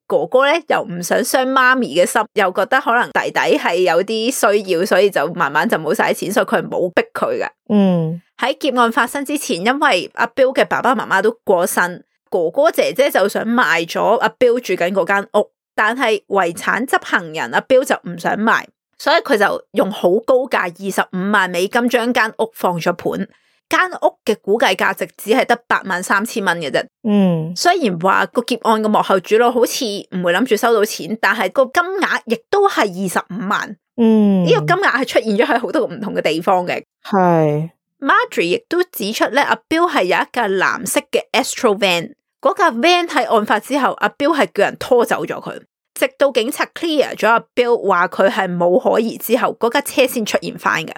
哥哥呢又唔想傷媽咪嘅心，又覺得可能弟弟係有啲需要，所以就慢慢就冇晒錢，所以佢冇逼佢㗎。嗯，喺劫案發生之前，因為阿 Bill 嘅爸爸媽媽都過身，哥哥姐姐就想賣咗阿 Bill 住緊嗰間屋，但係遺產執行人阿 Bill 就唔想賣，所以佢就用好高價二十五萬美金將間屋放咗盤。間屋嘅估計價值只係得八萬三千蚊嘅啫。嗯，mm. 雖然話個劫案嘅幕後主腦好似唔會諗住收到錢，但係個金額亦都係二十五萬。嗯，呢個金額係出現咗喺好多個唔同嘅地方嘅。係，Margery 亦都指出咧，阿是、啊、Bill 係有一架藍色嘅 Astro Van，嗰架 Van 喺案發之後，阿、啊、Bill 係叫人拖走咗佢，直到警察 clear 咗阿、啊、Bill 話佢係冇可疑之後，嗰架車先出現翻嘅。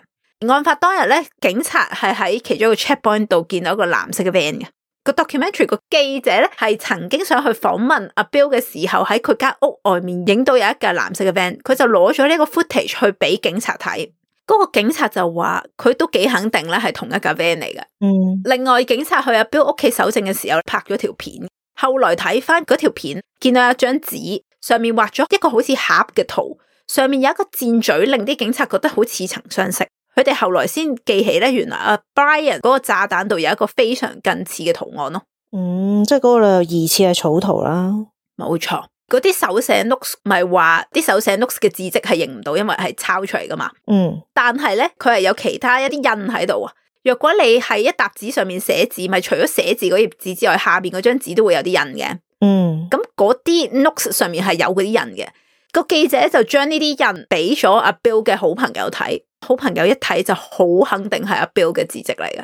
案發當日咧，警察係喺其中一個 checkpoint 度見到一個藍色嘅 van 嘅。個 documentary 個記者咧，係曾經想去訪問阿 Bill 嘅時候，喺佢間屋外面影到有一架藍色嘅 van，佢就攞咗呢一個 footage 去俾警察睇。嗰個警察就話佢都幾肯定咧，係同一架 van 嚟嘅。嗯，另外警察去阿 Bill 屋企搜證嘅時候拍咗條片，後來睇翻嗰條片，見到一張紙上面畫咗一個好似盒嘅圖，上面有一個箭嘴，令啲警察覺得好似曾相識。佢哋後來先記起咧，原來阿 Brian 嗰個炸彈度有一個非常近似嘅圖案咯。嗯，即係嗰個疑似係草圖啦。冇錯，嗰啲手寫 notes 咪話啲手寫 notes 嘅字跡係認唔到，因為係抄出嚟噶嘛。嗯，但係咧，佢係有其他一啲印喺度啊。若果你係一沓紙上面寫字，咪除咗寫字嗰頁紙之外，下邊嗰張紙都會有啲印嘅。嗯，咁嗰啲 notes 上面係有嗰啲印嘅。個記者就將呢啲人俾咗阿 Bill 嘅好朋友睇，好朋友一睇就好肯定係阿 Bill 嘅字跡嚟嘅。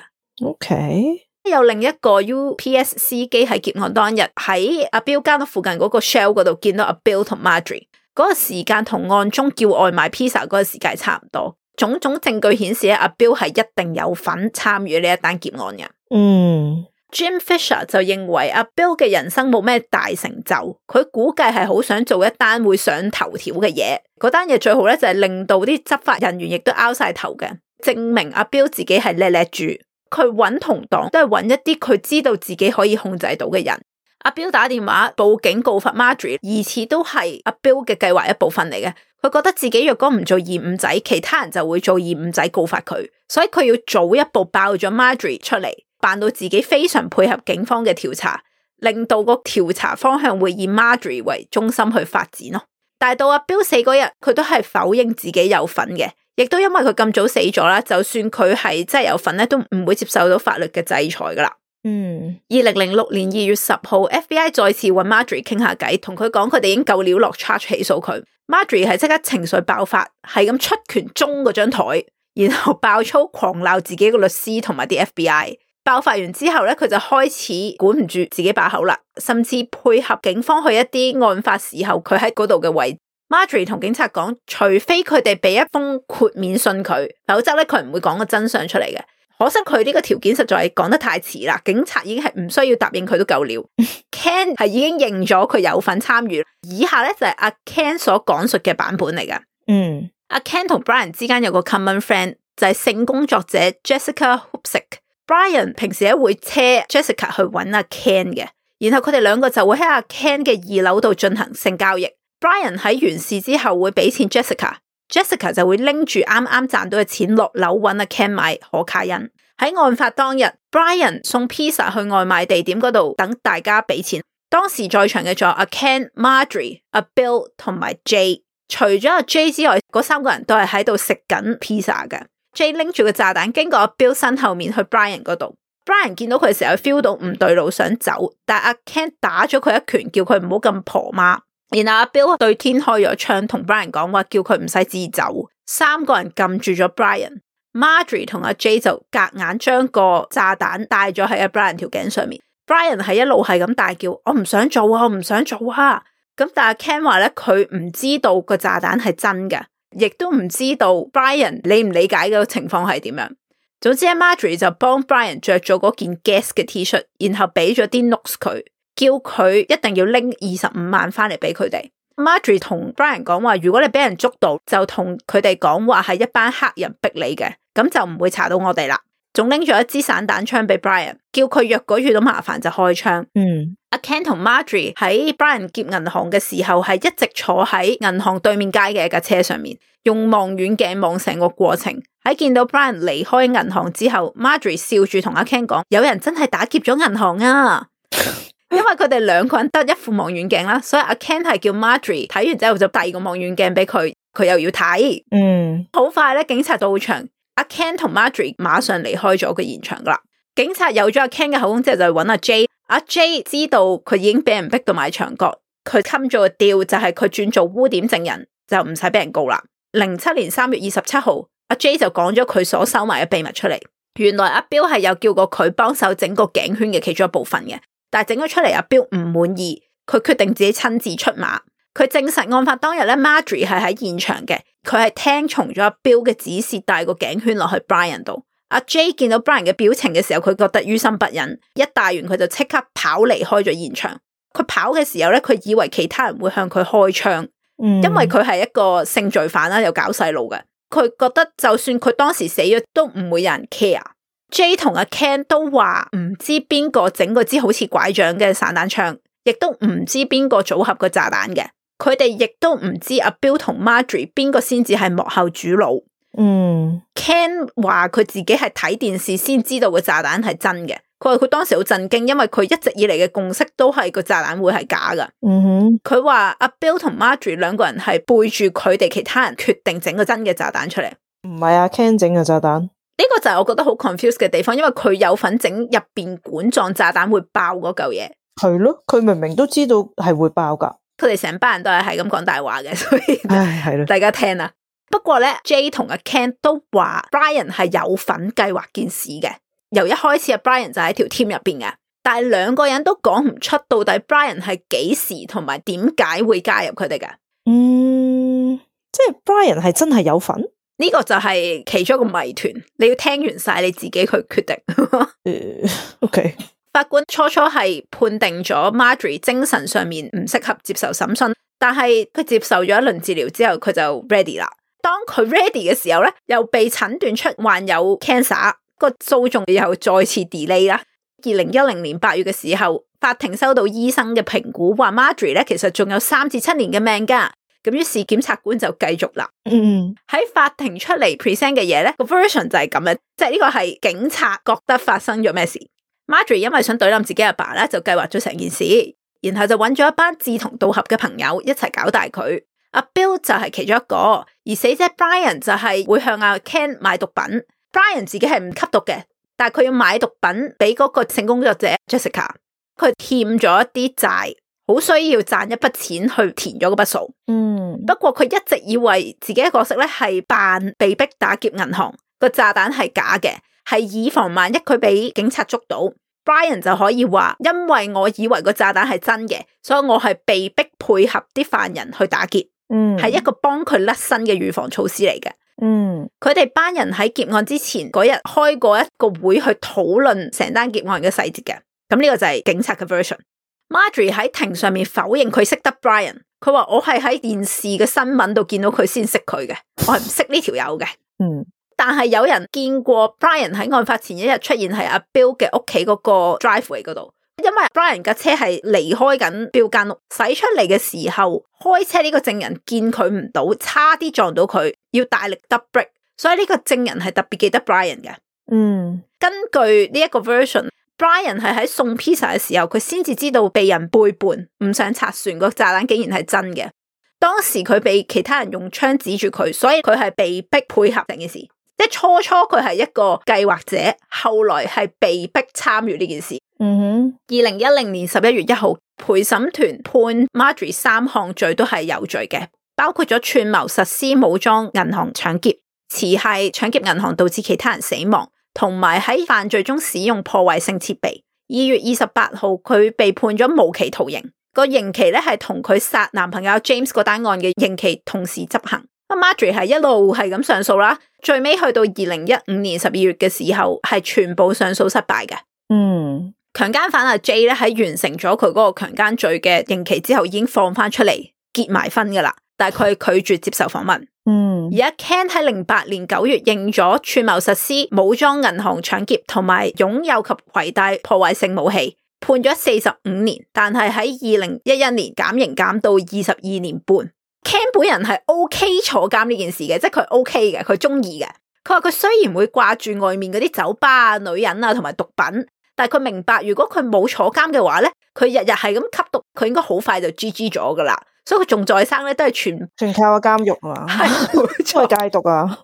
OK，有另一個 UPS 司機喺劫案當日喺阿 Bill 間屋附近嗰個 Shell 嗰度見到阿 Bill 同 Marjorie，嗰個時間同案中叫外賣 pizza 嗰個時間差唔多，種種證據顯示咧阿、啊、Bill 係一定有份參與呢一單劫案嘅。嗯。Mm. Jim Fisher 就認為阿 Bill 嘅人生冇咩大成就，佢估計係好想做一單會上頭條嘅嘢，嗰單嘢最好咧就係令到啲執法人員亦都拗晒頭嘅，證明阿 Bill 自己係叻叻住。佢揾同黨都係揾一啲佢知道自己可以控制到嘅人。阿、啊、Bill 打電話報警告發 Marjorie，疑似都係阿、啊、Bill 嘅計劃一部分嚟嘅。佢覺得自己若果唔做二五仔，其他人就會做二五仔告發佢，所以佢要早一步爆咗 Marjorie 出嚟。扮到自己非常配合警方嘅調查，令到個調查方向會以 Marjorie 為中心去發展咯。但係到阿 Bill 死嗰日，佢都係否認自己有份嘅，亦都因為佢咁早死咗啦，就算佢係真係有份咧，都唔會接受到法律嘅制裁噶啦。嗯，二零零六年二月十號，FBI 再次揾 Marjorie 傾下偈，同佢講佢哋已經夠料落 charge 起訴佢。Marjorie 係即刻情緒爆發，係咁出拳中嗰張台，然後爆粗狂鬧自己個律師同埋啲 FBI。爆發完之後咧，佢就開始管唔住自己把口啦，甚至配合警方去一啲案發時候佢喺嗰度嘅位。Marjorie 同警察講，除非佢哋俾一封豁免信佢，否則咧佢唔會講個真相出嚟嘅。可惜佢呢個條件實在係講得太遲啦，警察已經係唔需要答應佢都夠了。 Ken 係已經認咗佢有份參與，以下咧就係阿 Ken 所講述嘅版本嚟㗎。嗯，阿 Ken 同 Brian 之間有個 common friend 就係性工作者 Jessica Hoopsick。Brian 平時喺會車 Jessica 去揾阿 Ken 嘅，然後佢哋兩個就會喺阿 Ken 嘅二樓度進行性交易。Brian 喺完事之後會俾錢 Jessica，Jessica Jessica 就會拎住啱啱賺到嘅錢落樓揾阿 Ken 買可卡因。喺案發當日，Brian 送披 i 去外賣地點嗰度等大家俾錢。當時在場嘅仲有阿 Ken Mar ie, il,、Marie、阿 Bill 同埋 J。a y 除咗阿 J a y 之外，嗰三個人都係喺度食緊 pizza 嘅。J 拎住個炸彈，經過阿 Bill 身後面去 Brian 嗰度。Brian 見到佢嘅時候 feel 到唔對路，想走，但阿 Ken 打咗佢一拳，叫佢唔好咁婆媽。然後阿 Bill 對天開咗槍，同 Brian 講話，叫佢唔使自走。三個人撳住咗 Brian，Marjorie 同阿 J 就隔硬將個炸彈戴咗喺阿 Brian 條頸上面。Brian 係一路係咁大叫：我唔想做啊，我唔想做啊！咁但阿 Ken 話咧，佢唔知道個炸彈係真嘅。亦都唔知道 Brian 理唔理解嘅情況係點樣。總之，Margery 就幫 Brian 着咗嗰件 gas 嘅 T 恤，shirt，然後俾咗啲 notes 佢，叫佢一定要拎二十五萬翻嚟俾佢哋。Margery 同 Brian 講話：如果你俾人捉到，就同佢哋講話係一班黑人逼你嘅，咁就唔會查到我哋啦。仲拎咗一支散彈槍俾 Brian，叫佢若果遇到麻煩就開槍。嗯，阿 Ken 同 Marjorie 喺 Brian 劫銀行嘅時候，係一直坐喺銀行對面街嘅一架車上面，用望遠鏡望成個過程。喺見到 Brian 離開銀行之後，Marjorie 笑住同阿 Ken 講：有人真係打劫咗銀行啊！ 因為佢哋兩個人得一副望遠鏡啦，所以阿 Ken 係叫 Marjorie 睇完之後就遞個望遠鏡俾佢，佢又要睇。嗯，好快咧，警察到場。阿 Ken 同 Marjorie 馬上離開咗個現場啦。警察有咗阿 Ken 嘅口供之後，就去搵阿 J。阿、啊、J 知道佢已經俾人逼到埋牆角，佢襟咗個 deal，就係佢轉做污點證人，就唔使俾人告啦。零七年三月二十七號，阿 J 就講咗佢所收埋嘅秘密出嚟。原來阿彪係有叫過佢幫手整個頸圈嘅其中一部分嘅，但係整咗出嚟，阿彪唔滿意，佢決定自己親自出馬。佢證實案發當日咧，Marjorie 係喺現場嘅。佢係聽從咗阿 Bill 嘅指示，帶個頸圈落去 Brian 度。阿 J 見到 Brian 嘅表情嘅時候，佢覺得於心不忍，一帶完佢就即刻跑離開咗現場。佢跑嘅時候咧，佢以為其他人會向佢開槍，因為佢係一個性罪犯啦，又搞細路嘅。佢覺得就算佢當時死咗，都唔會有人 care。J 同阿 Ken 都話唔知邊個整嗰支好似拐杖嘅散彈槍，亦都唔知邊個組合個炸彈嘅。佢哋亦都唔知阿 Bill 同 Marjorie 邊個先至係幕後主腦。嗯、mm hmm.，Ken 話佢自己係睇電視先知道個炸彈係真嘅。佢話佢當時好震驚，因為佢一直以嚟嘅共識都係個炸彈會係假㗎。嗯哼、mm，佢話阿 Bill 同 Marjorie 兩個人係背住佢哋其他人決定整個真嘅炸彈出嚟。唔係啊，Ken 整嘅炸彈呢個就係我覺得好 confused 嘅地方，因為佢有份整入邊管狀炸彈會爆嗰嚿嘢。係咯，佢明明都知道係會爆㗎。佢哋成班人都係係咁講大話嘅，所以，唉，係咯，大家聽啦。不過咧，J 同阿 Ken 都話 Brian 係有份計劃件事嘅。由一開始阿 Brian 就喺條 team 入邊嘅，但係兩個人都講唔出到底 Brian 係幾時同埋點解會加入佢哋嘅。嗯，即係 Brian 係真係有份？呢個就係其中一個謎團，你要聽完晒你自己去決定。 嗯、o、okay. k 法官初初係判定咗 Marjorie 精神上面唔適合接受審訊，但係佢接受咗一輪治療之後，佢就 ready 啦。當佢 ready 嘅時候咧，又被診斷出患有 cancer，個訴訟又再次 delay 啦。二零一零年八月嘅時候，法庭收到醫生嘅評估呢，話 Marjorie 咧其實仲有三至七年嘅命噶。咁於是檢察官就繼續啦。嗯、mm，喺、hmm. 法庭出嚟 present 嘅嘢咧，個 version 就係咁樣，即係呢個係警察覺得發生咗咩事。Margery 因為想懟冧自己阿爸咧，就計劃咗成件事，然後就揾咗一班志同道合嘅朋友一齊搞大佢。阿 Bill 就係其中一個，而死者 Brian 就係會向阿 Ken 買毒品。Brian 自己係唔吸毒嘅，但係佢要買毒品俾嗰個性工作者 Jessica，佢欠咗一啲債，好需要賺一筆錢去填咗嗰筆數。嗯，不過佢一直以為自己嘅角色咧係扮被逼打劫銀行，個炸彈係假嘅。係以防萬一佢俾警察捉到，Brian 就可以話，因為我以為個炸彈係真嘅，所以我係被逼配合啲犯人去打劫。嗯，係一個幫佢甩身嘅預防措施嚟嘅。嗯，佢哋班人喺劫案之前嗰日開過一個會去討論成單劫案嘅細節嘅。咁呢個就係警察嘅 version。Marjorie 喺庭上面否認佢識得 Brian，佢話我係喺電視嘅新聞度見到佢先識佢嘅，我係唔識呢條友嘅。嗯。但係有人見過 Brian 喺案發前一日出現喺阿、啊、Bill 嘅屋企嗰個 driveway 嗰度，因為 Brian 架車係離開緊 Bill 間屋，駛出嚟嘅時候，開車呢個證人見佢唔到，差啲撞到佢，要大力 double brake，所以呢個證人係特別記得 Brian 嘅。嗯，根據呢一個 version，Brian 係喺送 pizza 嘅時候，佢先至知道被人背叛，唔想拆船個炸彈竟然係真嘅。當時佢被其他人用槍指住佢，所以佢係被逼配合成件事。初初佢係一個計劃者，後來係被逼參與呢件事。嗯哼、mm，二零一零年十一月一號，陪審團判 Marjorie 三項罪都係有罪嘅，包括咗串謀實施武裝銀行搶劫，持械搶劫銀行導致其他人死亡，同埋喺犯罪中使用破壞性設備。二月二十八號，佢被判咗無期徒刑，個刑期咧係同佢殺男朋友 James 嗰單案嘅刑期同時執行。Marjorie 係一路係咁上訴啦，最尾去到二零一五年十二月嘅時候，係全部上訴失敗嘅。嗯，強姦犯阿 J 咧，喺完成咗佢嗰個強姦罪嘅刑期之後，已經放翻出嚟結埋婚噶啦，但係佢拒絕接受訪問。嗯，而家 Ken 喺零八年九月認咗串謀實施武裝銀行搶劫同埋擁有及攜帶破壞性武器，判咗四十五年，但係喺二零一一年減刑減到二十二年半。Ken 本人係 O K 坐監呢件事嘅，即係佢 O K 嘅，佢中意嘅。佢話佢雖然會掛住外面嗰啲酒吧啊、女人啊同埋毒品，但係佢明白如果佢冇坐監嘅話咧，佢日日係咁吸毒，佢應該好快就 G G 咗噶啦。所以佢仲在生咧，都係全全靠個監獄啊。係再戒毒啊，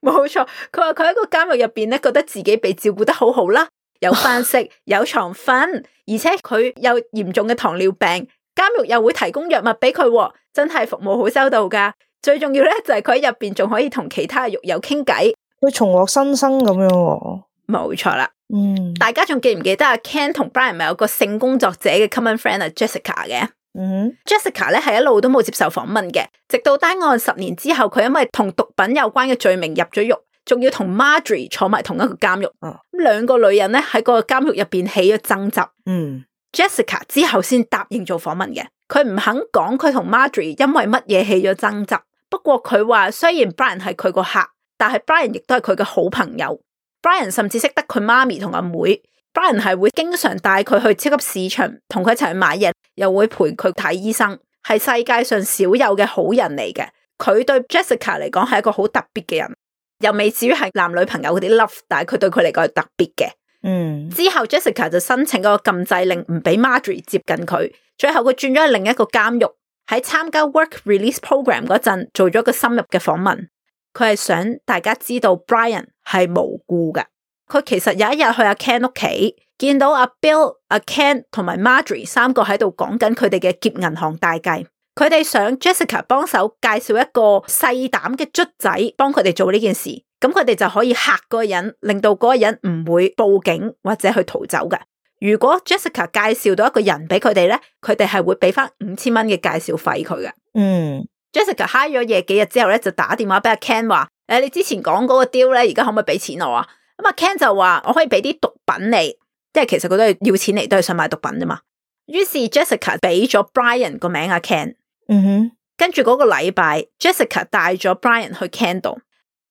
冇錯。佢話佢喺個監獄入邊咧，覺得自己被照顧得好好啦，有飯食，有床瞓，而且佢有嚴重嘅糖尿病。監獄又會提供藥物俾佢。哦，真係服務好周到噶。最重要咧就係佢喺入邊仲可以同其他獄友傾偈，佢重獲新生咁樣。哦。冇錯啦。嗯，大家仲記唔記得阿 Ken 同 Brian 咪有個性工作者嘅 common friend 阿 Jessica 嘅？嗯哼，Jessica 咧係一路都冇接受訪問嘅，直到單案十年之後，佢因為同毒品有關嘅罪名入咗獄，仲要同 Margery 坐埋同一個監獄。嗯、啊，咁兩個女人咧喺個監獄入邊起咗爭執。嗯。Jessica 之後先答應做訪問嘅，佢唔肯講佢同 Marjorie 因為乜嘢起咗爭執。不過佢話，雖然 Brian 係佢個客，但係 Brian 亦都係佢嘅好朋友。Brian 甚至識得佢媽咪同阿妹。Brian 係會經常帶佢去超級市場，同佢一齊去買嘢，又會陪佢睇醫生，係世界上少有嘅好人嚟嘅。佢對 Jessica 嚟講係一個好特別嘅人，又未至於係男女朋友嗰啲 love，但係佢對佢嚟講係特別嘅。嗯、之後 Jessica 就申請個禁制令，唔俾 Marjorie 接近佢。最後佢轉咗去另一個監獄，喺參加 Work Release Program 嗰陣做咗個深入嘅訪問。佢係想大家知道 Brian 係無辜嘅。佢其實有一日去阿 Ken 屋企，見到阿 Bill、阿 Ken 同埋 Marjorie 三個喺度講緊佢哋嘅劫銀行大計。佢哋想 Jessica 幫手介紹一個細膽嘅卒仔，幫佢哋做呢件事。咁佢哋就可以吓嗰個人，令到嗰個人唔會報警或者去逃走嘅。如果 Jessica 介紹到一個人俾佢哋咧，佢哋係會俾翻五千蚊嘅介紹費佢嘅。嗯、mm.，Jessica high 咗嘢幾日之後咧，就打電話俾阿 Ken 話：誒、哎，你之前講嗰個 deal 咧，而家可唔可以俾錢我啊？咁阿 Ken 就話：我可以俾啲毒品你，即係其實佢都係要錢嚟，都係想買毒品啫嘛。於是 Jessica 俾咗 Brian 個名阿 Ken。嗯哼、mm，跟住嗰個禮拜，Jessica 帶咗 Brian 去 Candle。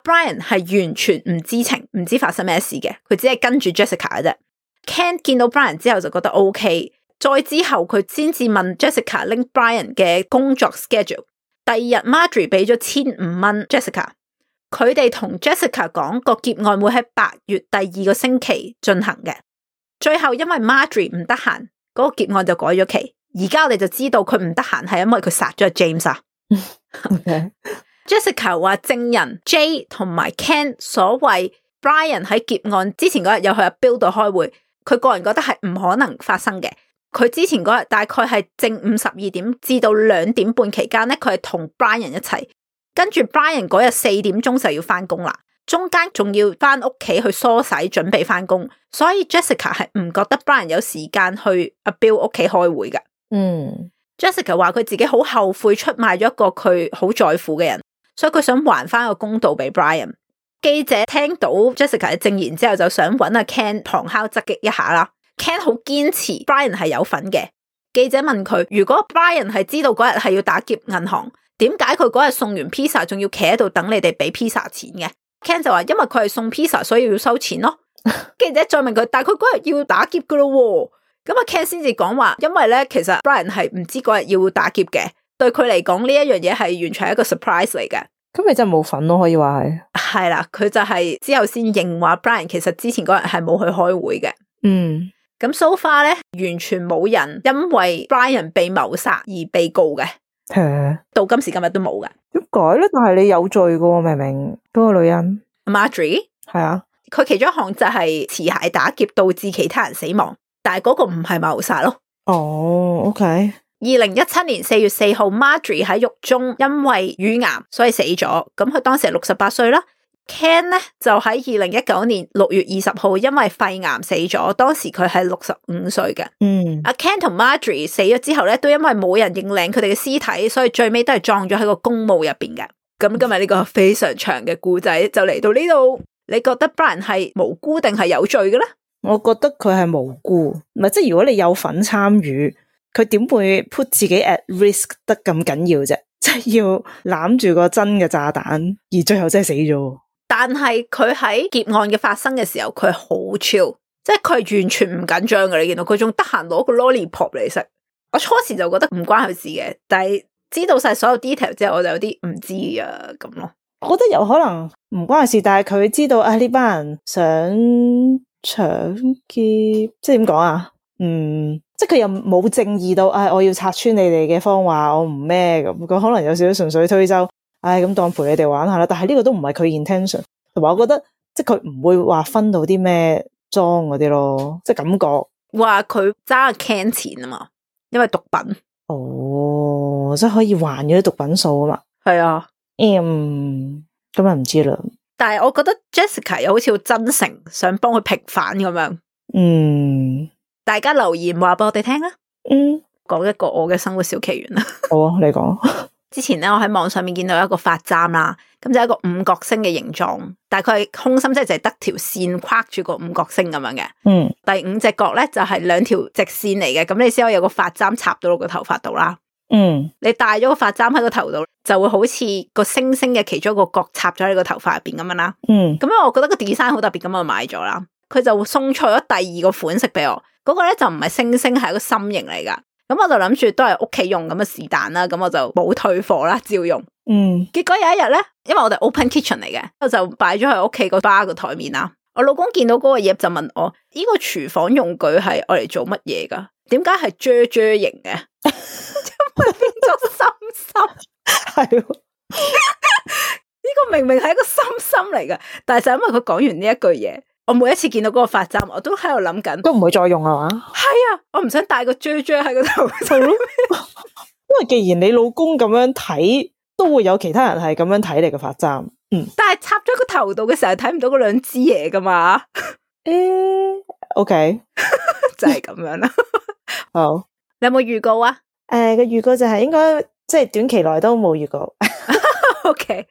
Brian 係完全唔知情，唔知發生咩事嘅，佢只係跟住 Jessica 嘅啫。Ken 見到 Brian 之後就覺得 OK，再之後佢先至問 Jessica 拎 Brian 嘅工作 schedule。第二日，Margie 俾咗千五蚊 Jessica，佢哋同 Jessica 講個劫案會喺八月第二個星期進行嘅。最後因為 Margie 唔得閒，嗰個劫案就改咗期。而家我哋就知道佢唔得閒係因為佢殺咗 James 啊。 okay. Jessica 話證人 J 同埋 Ken 所謂 Brian 喺劫案之前嗰日又去阿 Bill 度開會，佢個人覺得係唔可能發生嘅。佢之前嗰日大概係正午十二點至到兩點半期間咧，佢係同 Brian 一齊。跟住 Brian 嗰日四點鐘就要翻工啦，中間仲要翻屋企去梳洗準備翻工，所以 Jessica 係唔覺得 Brian 有時間去阿 Bill 屋企開會㗎。嗯，Jessica 話佢自己好後悔出賣咗一個佢好在乎嘅人。所以佢想還翻個公道俾 Brian。記者聽到 Jessica 嘅證言之後，就想揾阿 Ken 旁敲側擊一下啦。Ken 好堅持，Brian 係有份嘅。記者問佢：如果 Brian 係知道嗰日係要打劫銀行，點解佢嗰日送完 pizza 仲要企喺度等你哋俾 pizza 錢嘅？Ken 就話：因為佢係送 pizza，所以要收錢咯。 記者再問佢：但係佢嗰日要打劫噶咯？咁阿 Ken 先至講話：因為咧，其實 Brian 係唔知嗰日要打劫嘅，對佢嚟講呢一樣嘢係完全係一個 surprise 嚟嘅。咁你真係冇份咯？啊，可以話係。係啦，佢就係之後先認話 Brian 其實之前嗰日係冇去開會嘅。嗯，咁 so far 咧，完全冇人因為 Brian 被謀殺而被告嘅。的到今時今日都冇嘅。點解咧？但係你有罪噶？明明嗰、嗰個女人，Marjorie 係啊，佢 jor 的其中一項就係持械打劫導致其他人死亡，但係嗰個唔係謀殺咯。哦、oh,，OK。二零一七年四月四號，Marjorie 喺獄中因為乳癌所以死咗，咁佢當時係六十八歲啦。Ken 咧，就喺二零一九年六月二十號因為肺癌死咗，當時佢係六十五歲嘅。嗯，阿 Ken 同 Marjorie 死咗之後咧，都因為冇人認領佢哋嘅屍體，所以最尾都係葬咗喺個公墓入邊嘅。咁今日呢個非常長嘅故仔就嚟到呢度，你覺得 Brian 係無辜定係有罪嘅咧？我覺得佢係無辜，唔係即係如果你有份參與。佢點會 put 自己 at risk 得咁緊要啫？即係要攬住個真嘅炸彈，而最後真係死咗。但係佢喺劫案嘅發生嘅時候，佢好 chill，即係佢完全唔緊張噶，你見到佢仲得閒攞個 lollipop 嚟食。我初時就覺得唔關佢事嘅，但係知道晒所有 detail 之後，我就有啲唔知啊，咁咯。我覺得有可能唔關佢事，但係佢知道啊呢班人想搶劫，即係點講啊？嗯。即係佢又冇正義到，唉、哎，我要拆穿你哋嘅謊話，我唔咩咁佢可能有少少純粹推舟，唉、哎，咁當陪你哋玩下啦。但係呢個都唔係佢 intention，同埋我覺得即係佢唔會話分到啲咩裝嗰啲咯，即係感覺話佢揸爭錢啊嘛，因為毒品哦，即係可以還咗啲毒品數啊嘛，係啊，嗯、um,，咁就唔知啦。但係我覺得 Jessica 又好似好真誠，想幫佢平反咁樣，嗯。大家留言話俾我哋聽啊！嗯，講一個我嘅生活小奇緣啦。好 啊、哦，你講。之前咧，我喺網上面見到一個髮簪啦，咁就係一個五角星嘅形狀，大概空心，即係就係得條線跨住個五角星咁樣嘅。嗯，第五隻角咧就係兩條直線嚟嘅，咁你先可以有個髮簪插到落個頭髮度啦。嗯，你戴咗個髮簪喺個頭度，就會好似個星星嘅其中一個角插咗喺個頭髮入邊咁樣啦。嗯，咁樣、嗯、我覺得個 design 好特別，咁我買咗啦。佢就送錯咗第二個款式俾我，嗰、那個咧就唔係星星，係一個心形嚟噶。咁我就諗住都係屋企用咁嘅是但啦，咁我就冇退貨啦，照用。嗯。結果有一日咧，因為我哋 open kitchen 嚟嘅，我就擺咗喺屋企個巴個台面啦。我老公見到嗰個嘢就問我：呢、這個廚房用具係我嚟做乜嘢噶？點解係啫啫型嘅？因 為變咗心心，係。呢個明明係一個心心嚟噶，但係就是因為佢講完呢一句嘢。我每一次見到嗰個髮簪，我都喺度諗緊，都唔會再用係嘛？係啊，我唔想戴個 J、er、J、ja、喺個頭度。 因為既然你老公咁樣睇，都會有其他人係咁樣睇你嘅髮簪。嗯，但係插咗個頭度嘅時候，睇唔到嗰兩支嘢噶嘛？誒、uh，OK， 就係咁樣啦。好， oh. 你有冇預告啊？誒，個預告就係應該即係短期內都冇預告。 OK。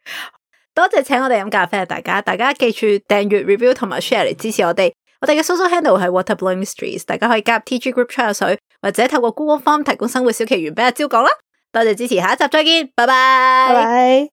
多謝請我哋飲咖啡，大家大家記住訂閱、review 同埋 share 嚟支持我哋。我哋嘅 social handle 係 Water Blowing Mysteries，大家可以加入 TG group 吹下水，或者透過 Google Form 提供生活小奇懸俾阿蕉講啦。多謝支持，下一集再見，拜拜。